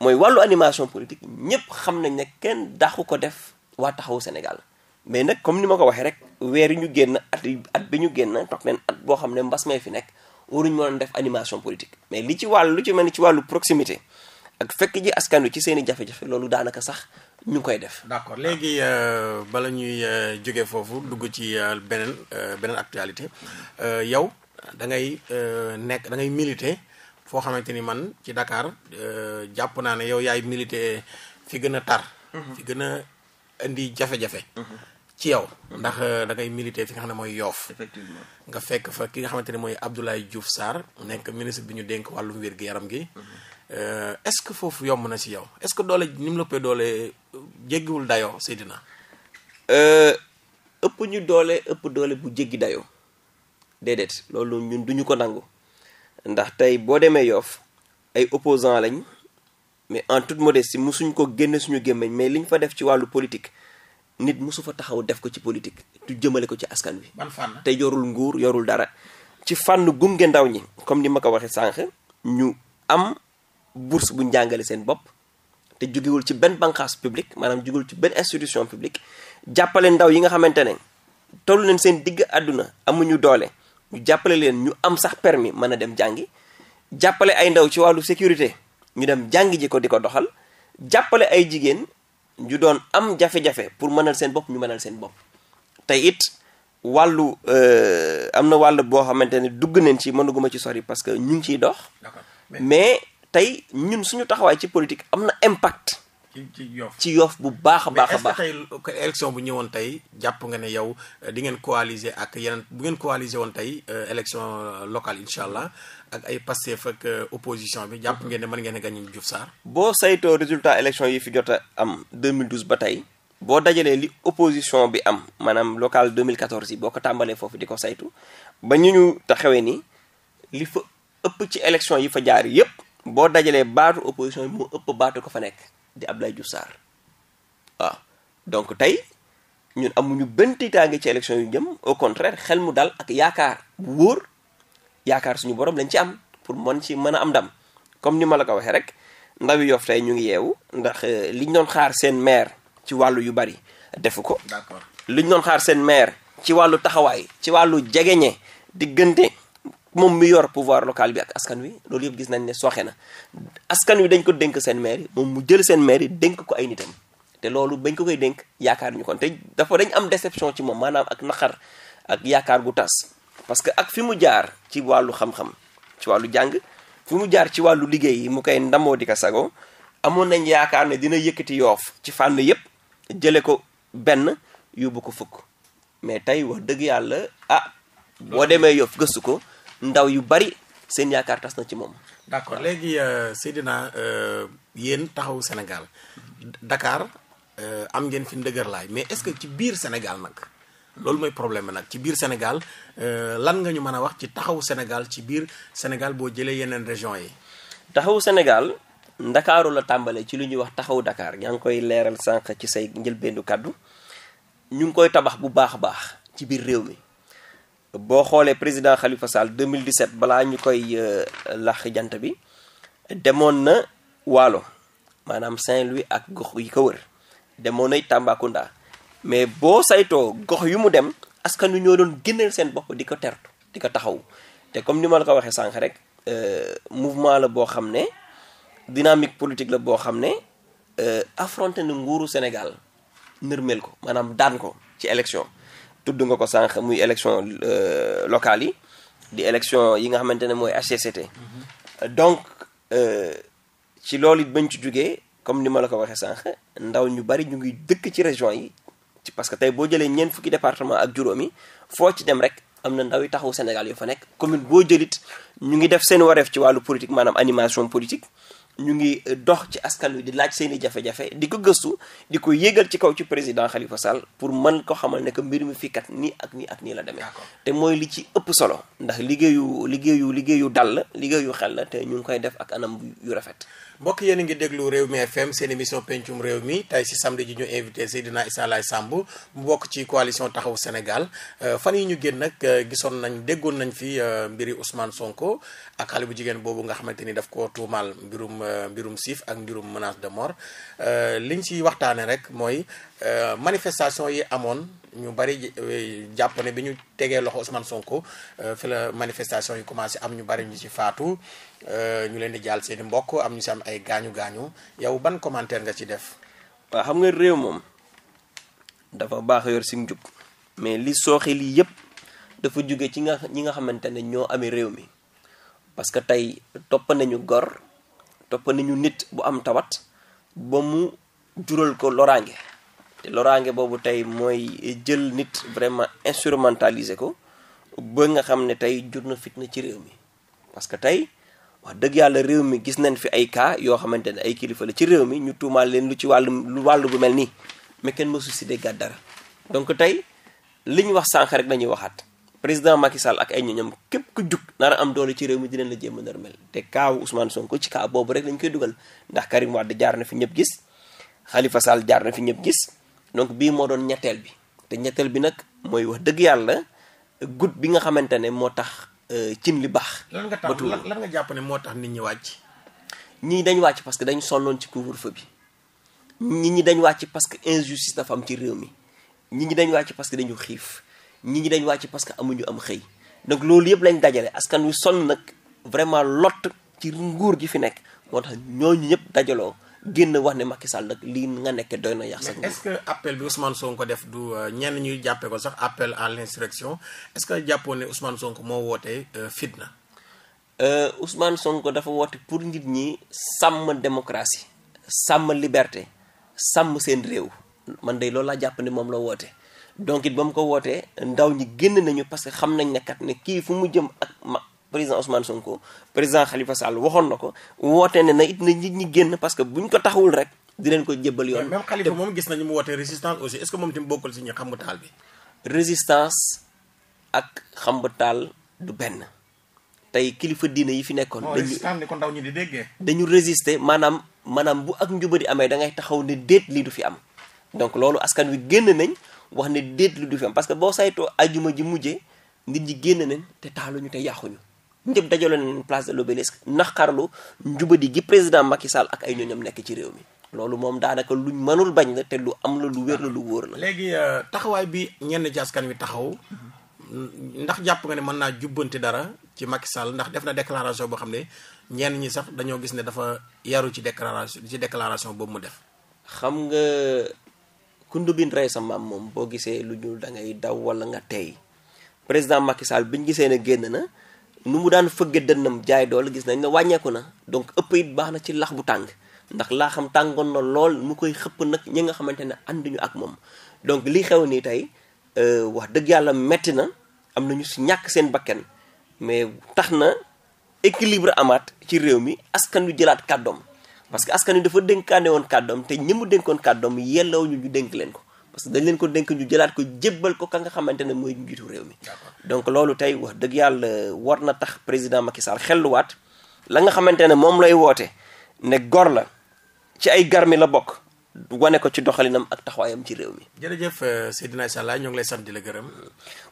mooy wàllu animation politique ñëpp xam nañ ne kenn daxu ko def waa taxawu Sénégal mais nag comme ni ma ko waxee rek weer yu ñu génn at at bi ñu génn toog neen at boo xam ne mbas mee fi nekk waruñ mënoon def animation politique mais li ci wàllu lu ci mel ni ci wàllu proximité ak fekk ji askan wi ci seeni i jafe-jafe loolu daanaka sax ñu koy def. d'accord léegi euh, bala ñuy euh, jóge foofu dugg ci euh, beneen beneen actualité yow da ngay nekk da ngay militer foo xamante ni man ci Dakar jàpp naa ne yow yaay militer fi gën a tar. Mhm. fi gën indi jafe-jafe. Mhm. ci yow. ndax euh, da ngay militer fi nga xam ne mooy yoof nga fekk fa ki nga xamante ne mooy Abdoulaye Diouf saar nekk ministre bi ñu dénk wàllum wér gu yaram gi. Mhm. Euh, est-ce que foofu yomb na si yow est-ce que doole ni mu la koy doole euh, jéggiwul dayoo Seydina. ëpp ñu doole ëpp doole bu jéggi dayoo déedéet loolu ñun duñu ko nangu ndax tey boo demee yoof ay opposants lañ. mais en toute modestie mosuñ ko génne suñu gémmiñ mais liñ fa def ci wàllu politique nit musu fa taxaw def ko ci politique tu jëmale ko ci askan wi. ban fànn te yorul nguur yorul dara. ci fànn gunge ndaw ñi comme ni ma ko waxee sànq ñu am bourse bu njàngale seen bopp te jugewul ci benn banqaas publique maanaam jugewul ci benn institution publique jàppale ndaw yi nga xamante ne tollu leen seen digg àdduna amuñu doole ñu jàppale leen ñu am sax permis mën a dem jàngi jàppale ay ndaw ci wàllu sécurité. ñu dem jàng ji ko di ko doxal jàppale ay jigéen ñu doon am jafe-jafe pour mënal seen bopp ñu mënal seen bopp tey it wàllu euh, am na wàll boo xamante ne dugg nañ ci mënuguma ci sori parce que ñu ngi ciy dox mais tey ñun suñu taxawaay ci politique am na impact ci yoof bu baax a baax a baax mais est-ce que tey élection bu ñëwoon tey jàpp nga ne yow euh, di ngeen coaliser ak yeneen bu ngeen coaliser woon tey euh, élection locale incha allah ak ay Pastef ak euh, opposition bi jàpp mhm. ngeen ne mën ngeen a gagné Diouf Sarr. boo saytoo résultat élection yi fi jot a am 2012 ba tey boo dajalee li opposition bi am maanaam local 2014 yi boo ko tàmbalee foofu di ko saytu ba ñu ñu taxawee ni li fa ëpp ci élection yi fa jaar yépp boo dajalee baatu opposition yi moo ëpp baatu ko fa nekk di Abdoulaye Diouf Sarr waaw donc tey. ñun amuñu benn tiitaange ci élection yu jëm au contraire xel mu dal ak yaakaar bu wóor yaakaar suñu borom lañ ci am pour mën ci mën a am dam comme ni ma la ko waxee rek ndawi Yoff tey ñu ngi yeewu ndax euh, liñ doon xaar seen maire ci wàllu yu bari defu ko. d'accord liñ doon xaar seen maire ci wàllu taxawaay ci wàllu jegeñe diggante moom mi yor pouvoir local bi ak askan wi loolu yëpp gis nañ ne soxe na askan wi dañ ko dénk seen maire moom mu jël seen maire yi dénk ko ay nitam te loolu bañ ko koy dënk yaakaar ñu kon te dafa dañ am déception ci moom maanaam ak naqar ak yaakaar gu tas. parce que ak fi mu jaar ci wàllu xam-xam ci wàllu jàng fi mu jaar ci wàllu liggéey yi mu koy ndamoo di ko sago amoon nañ yaakaar ne dina yëkkati yoof ci fànn yépp jële ko benn yóbbu ko fukk mais tey wax dëgg yàlla ah boo demee yoof gëstu ko ndaw yu bari seen yaakaar tas na ci moom d'accord léegi euh, Seydina euh, yéen taxawu Sénégal Dakar euh, am ngeen fi ndëgër laay mais est-ce que ci biir Sénégal nag loolu mooy problème bi nag ci biir Sénégal euh, lan nga ñu mën a wax ci taxawu Sénégal ci biir Sénégal boo jëlee yeneen région yi. taxawu Sénégal ndakaaru la tàmbalee ci lu ñuy wax taxawu Dakar yaa ngi koy leeral sànq ci say njëlbéenu kàddu ñu ngi koy tabax bu baax a baax ci biir réew mi. boo xoolee président Khalifa Sall 2017 balaa ñu koy euh, lax jant bi demoon na Waalo maanaam Saint-Louis ak gox yi ko wër demoon nay Tambacounda mais boo saytoo gox yu mu dem askan wi ñoo doon génneel seen bopp di ko tertu di ko taxaw te comme ni ma la ko waxee sànq rek euh, mouvement la boo xam ne dynamique politique la boo xam ne euh, affronté na nguuru Sénégal nërmeel ko maanaam daan ko ci élection tudd nga ko sànq muy élection euh, locale yi di élection yi nga xamante ne mooy HCCT mm-hmm. donc ci loolu it bañ ci jógee comme ni ma la ko waxee sànq ndaw ñu bari ñu ngi dëkk ci région yi ci parce que tey boo jëlee ñeent fukki département ak juróomi foo ci dem rek am na ndaw yi taxawu Sénégal yoo fa nekk commune boo jëlit ñu ngi def seen wareef ci wàllu politique maanaam animation politique ñu ngi euh, dox ci askan wi di laaj seen i jafe-jafe di ko gëstu di ko yéegal ci kaw ci président Khalifa Sall pour mën ko xamal ne que mbir mi fii kat nii ak nii ak nii la demee. te mooy li ci ëpp solo. ndax liggéeyu liggéeyu liggéeyu dal la liggéeyu xel la te ñu ngi koy def ak anam yu rafet. mbokk yéen a ngi déglu réew mi FM seen émission pencum réew mi tey si samedi ji ñu invité Seydina Issa Laye Samb mu bokk ci coalition taxawu Sénégal euh, fan yi ñu génn nag euh, gisoon nañ déggoon nañ fi euh, mbiri Ousmane Sonko ak xale bu jigéen boobu nga xamante ni daf ko tuumaal mbirum mbirum siif ak mbirum menace de mort liñ ci waxtaane rek mooy manifestation yi amoon ñu bari jàpp ne bi ñu tegee loxo Ousmane Sonko fi la manifestation yi commencé am ñu bari ñu ci faatu Euh, ñu leen di jaal seeni i mbokk am ñu si am ay gaañu gaañu yow ban commentaire nga ci def. waaw xam nga réew moom dafa baax yor si njub mais li sooxe lii yëpp dafa jóge ci nga ñi nga xamante ne ñoo amee réew mi parce que tey topp nañu gor topp nañu nit bu am tawat ba mu jural ko loraange te loraange boobu tey mooy jël nit vraiment instrumentaliser ko ba nga xam ne tey jur na fitna ci réew mi parce que wax dëgg yàlla réew mi gis nañ fi ay cas yoo xamante ne ay kilifa la ci réew mi ñu tuumaal leen lu ci wàllum lu wàll bu mel nii mais kenn si dégg dara donc tey li ñu wax sànq rek dañuy waxaat président Macky Sall ak ay ñoñam képp ku jug naa am doole ci réew mi dinañ la jéem a normal te kaawu Ousmane Sonko ci kaa boobu rek lañ koy dugal ndax Karim Wade jaar na fi ñëpp gis Khalifa Sall jaar na fi ñëpp gis donc bii moo doon ñetteel bi te ñetteel bi nag mooy wax dëgg yàlla goutte bi nga xamante ne moo tax Euh, cin li baax. lan nga tax lan nga jàpp moo tax nit ñi wàcc. ñii dañ wàcc parce que dañ sonnoon ci couvre fa bi ñi ñi dañ wàcc parce que injustice dafa am ci réew mi ñi ñi dañ wàcc parce que dañu xiif ñi ñi dañ wàcc parce que amuñu am xëy donc loolu yëpp lañ dajale askan wi sonn nag vraiment lott ci nguur gi fi nekk moo tax ñooñu ñëpp dajaloo. génn wax ne Macky Sall nag lii nga nekk doy na yàq sax. est-ce que appel bi Ousmane Sonko def du euh, ñenn ñuy jàppee ko sax appel à l'insurrection est-ce que jàppoon ne Ousmane Sonko moo wootee euh, fitna. Euh, Ousmane Sonko dafa woote pour nit ñi sàmm démocratie sàmm liberté sàmm seen réew man de loolu laa jàpp ne moom la woote. donc it ba mu ko wootee ndaw ñi génn nañu parce que xam nañ ne kat ne kii fu mu jëm ak ma président Ousmane Sonko président Khalifa Sall waxoon na ko woote ne na it na ñi génn parce que buñ ko taxawul rek di leen ko jébbal yoon. même moom gis nañu mu woote résistance aussi est-ce que résistance ak xam taal du benn tey kilifa diine yi fi nekkoon. Oh, dañu résistance ni ndaw ñi di déggee. dañu résister maanaam maanaam bu ak njubadi amee dangay taxaw ne déet lii du fi am donc loolu askan wi génn nañ wax ne déet lii du fi am parce que boo saytoo ajuma ji mujjee nit ñi génn nañ te taaluñu te yàquñu ñëpp dajaloo nañ place de l'obélisque naxarlu njubadi gi président Macky Sall ak ay ñooñam nekk ci réew mi loolu moom daanaka luñ mënul bañ la te lu am la lu wér la lu wóor la. léegi euh, taxawaay bi ñenn ci askan wi taxaw ndax jàpp nga ne mën naa jubbanti dara ci Macky Sall ndax def na déclaration boo xam ne ñenn ñi sax dañoo gis ne dafa yaru ci déclaration ci déclaration boobu mu def. xam nga kundu bin rey sa maam moom boo gisee lu ñuul da ngay daw wala nga tey président Macky Sall biñ gisee ne génn na. nu mu daan fëgge dënnam jaay doole gis nañ ne wàññeeku na donc ëpp it baax na ci lax bu tàng ndax laa xam tàngoon na lool mu koy xëpp nag ñi nga xamante ne ànduñu ak moom donc lii xew nii tey euh, wax dëgg yàlla metti na am nañu si ñàkk seen bakken mais tax na équilibre amaat ci réew mi askan wi jëlaat kàddoom parce que askan wi dafa dénkaane woon kàddoom te ñi mu dénkoon kàddoom yelloo ñu ñu dénk leen ko parce que dañ leen ko dénk ñu jëlaat ko jébbal ko ka nga xamante ne mooy njiitu réew mi. donc loolu tey wax dëgg yàlla war na tax président Macky Sall xelluwaat la nga xamante ne moom lay woote ne gor la ci ay garmi la bokk. wane ko ci doxalinam ak taxawaayam ci réew mi. jërëjëf euh, Seydina Issa Laye ñu ngi lay sant di la gërëm.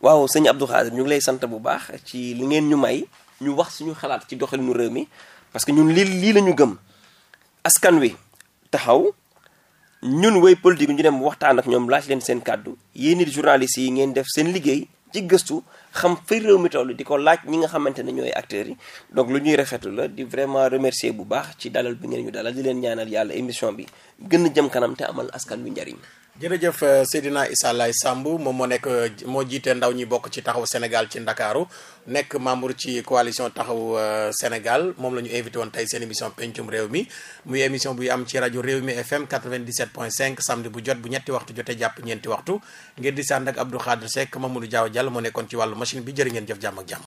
waaw sëñ Abdou Khadir ñu ngi lay sant bu baax ci li ngeen ñu may ñu wax suñu xalaat ci doxalinu réew mi parce que ñun lii lii la ñu gëm askan wi taxaw. ñun way politique ñu dem waxtaan ak ñoom laaj leen seen kàddu yéen it journalistes yi ngeen def seen liggéey ci gëstu xam fay réew mi toll di ko laaj ñi nga xamante ne ñooy acteurs yi donc lu ñuy rafetu la di vraiment remercier bu baax ci dalal bi ngeen ñu dalal di leen ñaanal yàlla émission bi gën a jëm kanam te amal askan wi njariñ jërëjëf euh, Seydina Issa Laye Samb moom moo nekk moo jiite ndaw ñi bokk ci taxaw Sénégal ci ndakaaru nekk membre ci coalition taxaw euh, Sénégal moom la ñu invité woon tey seen émission pencum réew mi muy émission buy am ci rajo réew mi FM 97.5 samedi bu jot bu ñetti waxtu jotee jàpp ñeenti waxtu ngeen di sànd ak Abdou Khadre Seck Mamadou Diaw Diallo moo nekkoon ci wàllu machine bi jërë ngeen jëf jàmm ak jàmm.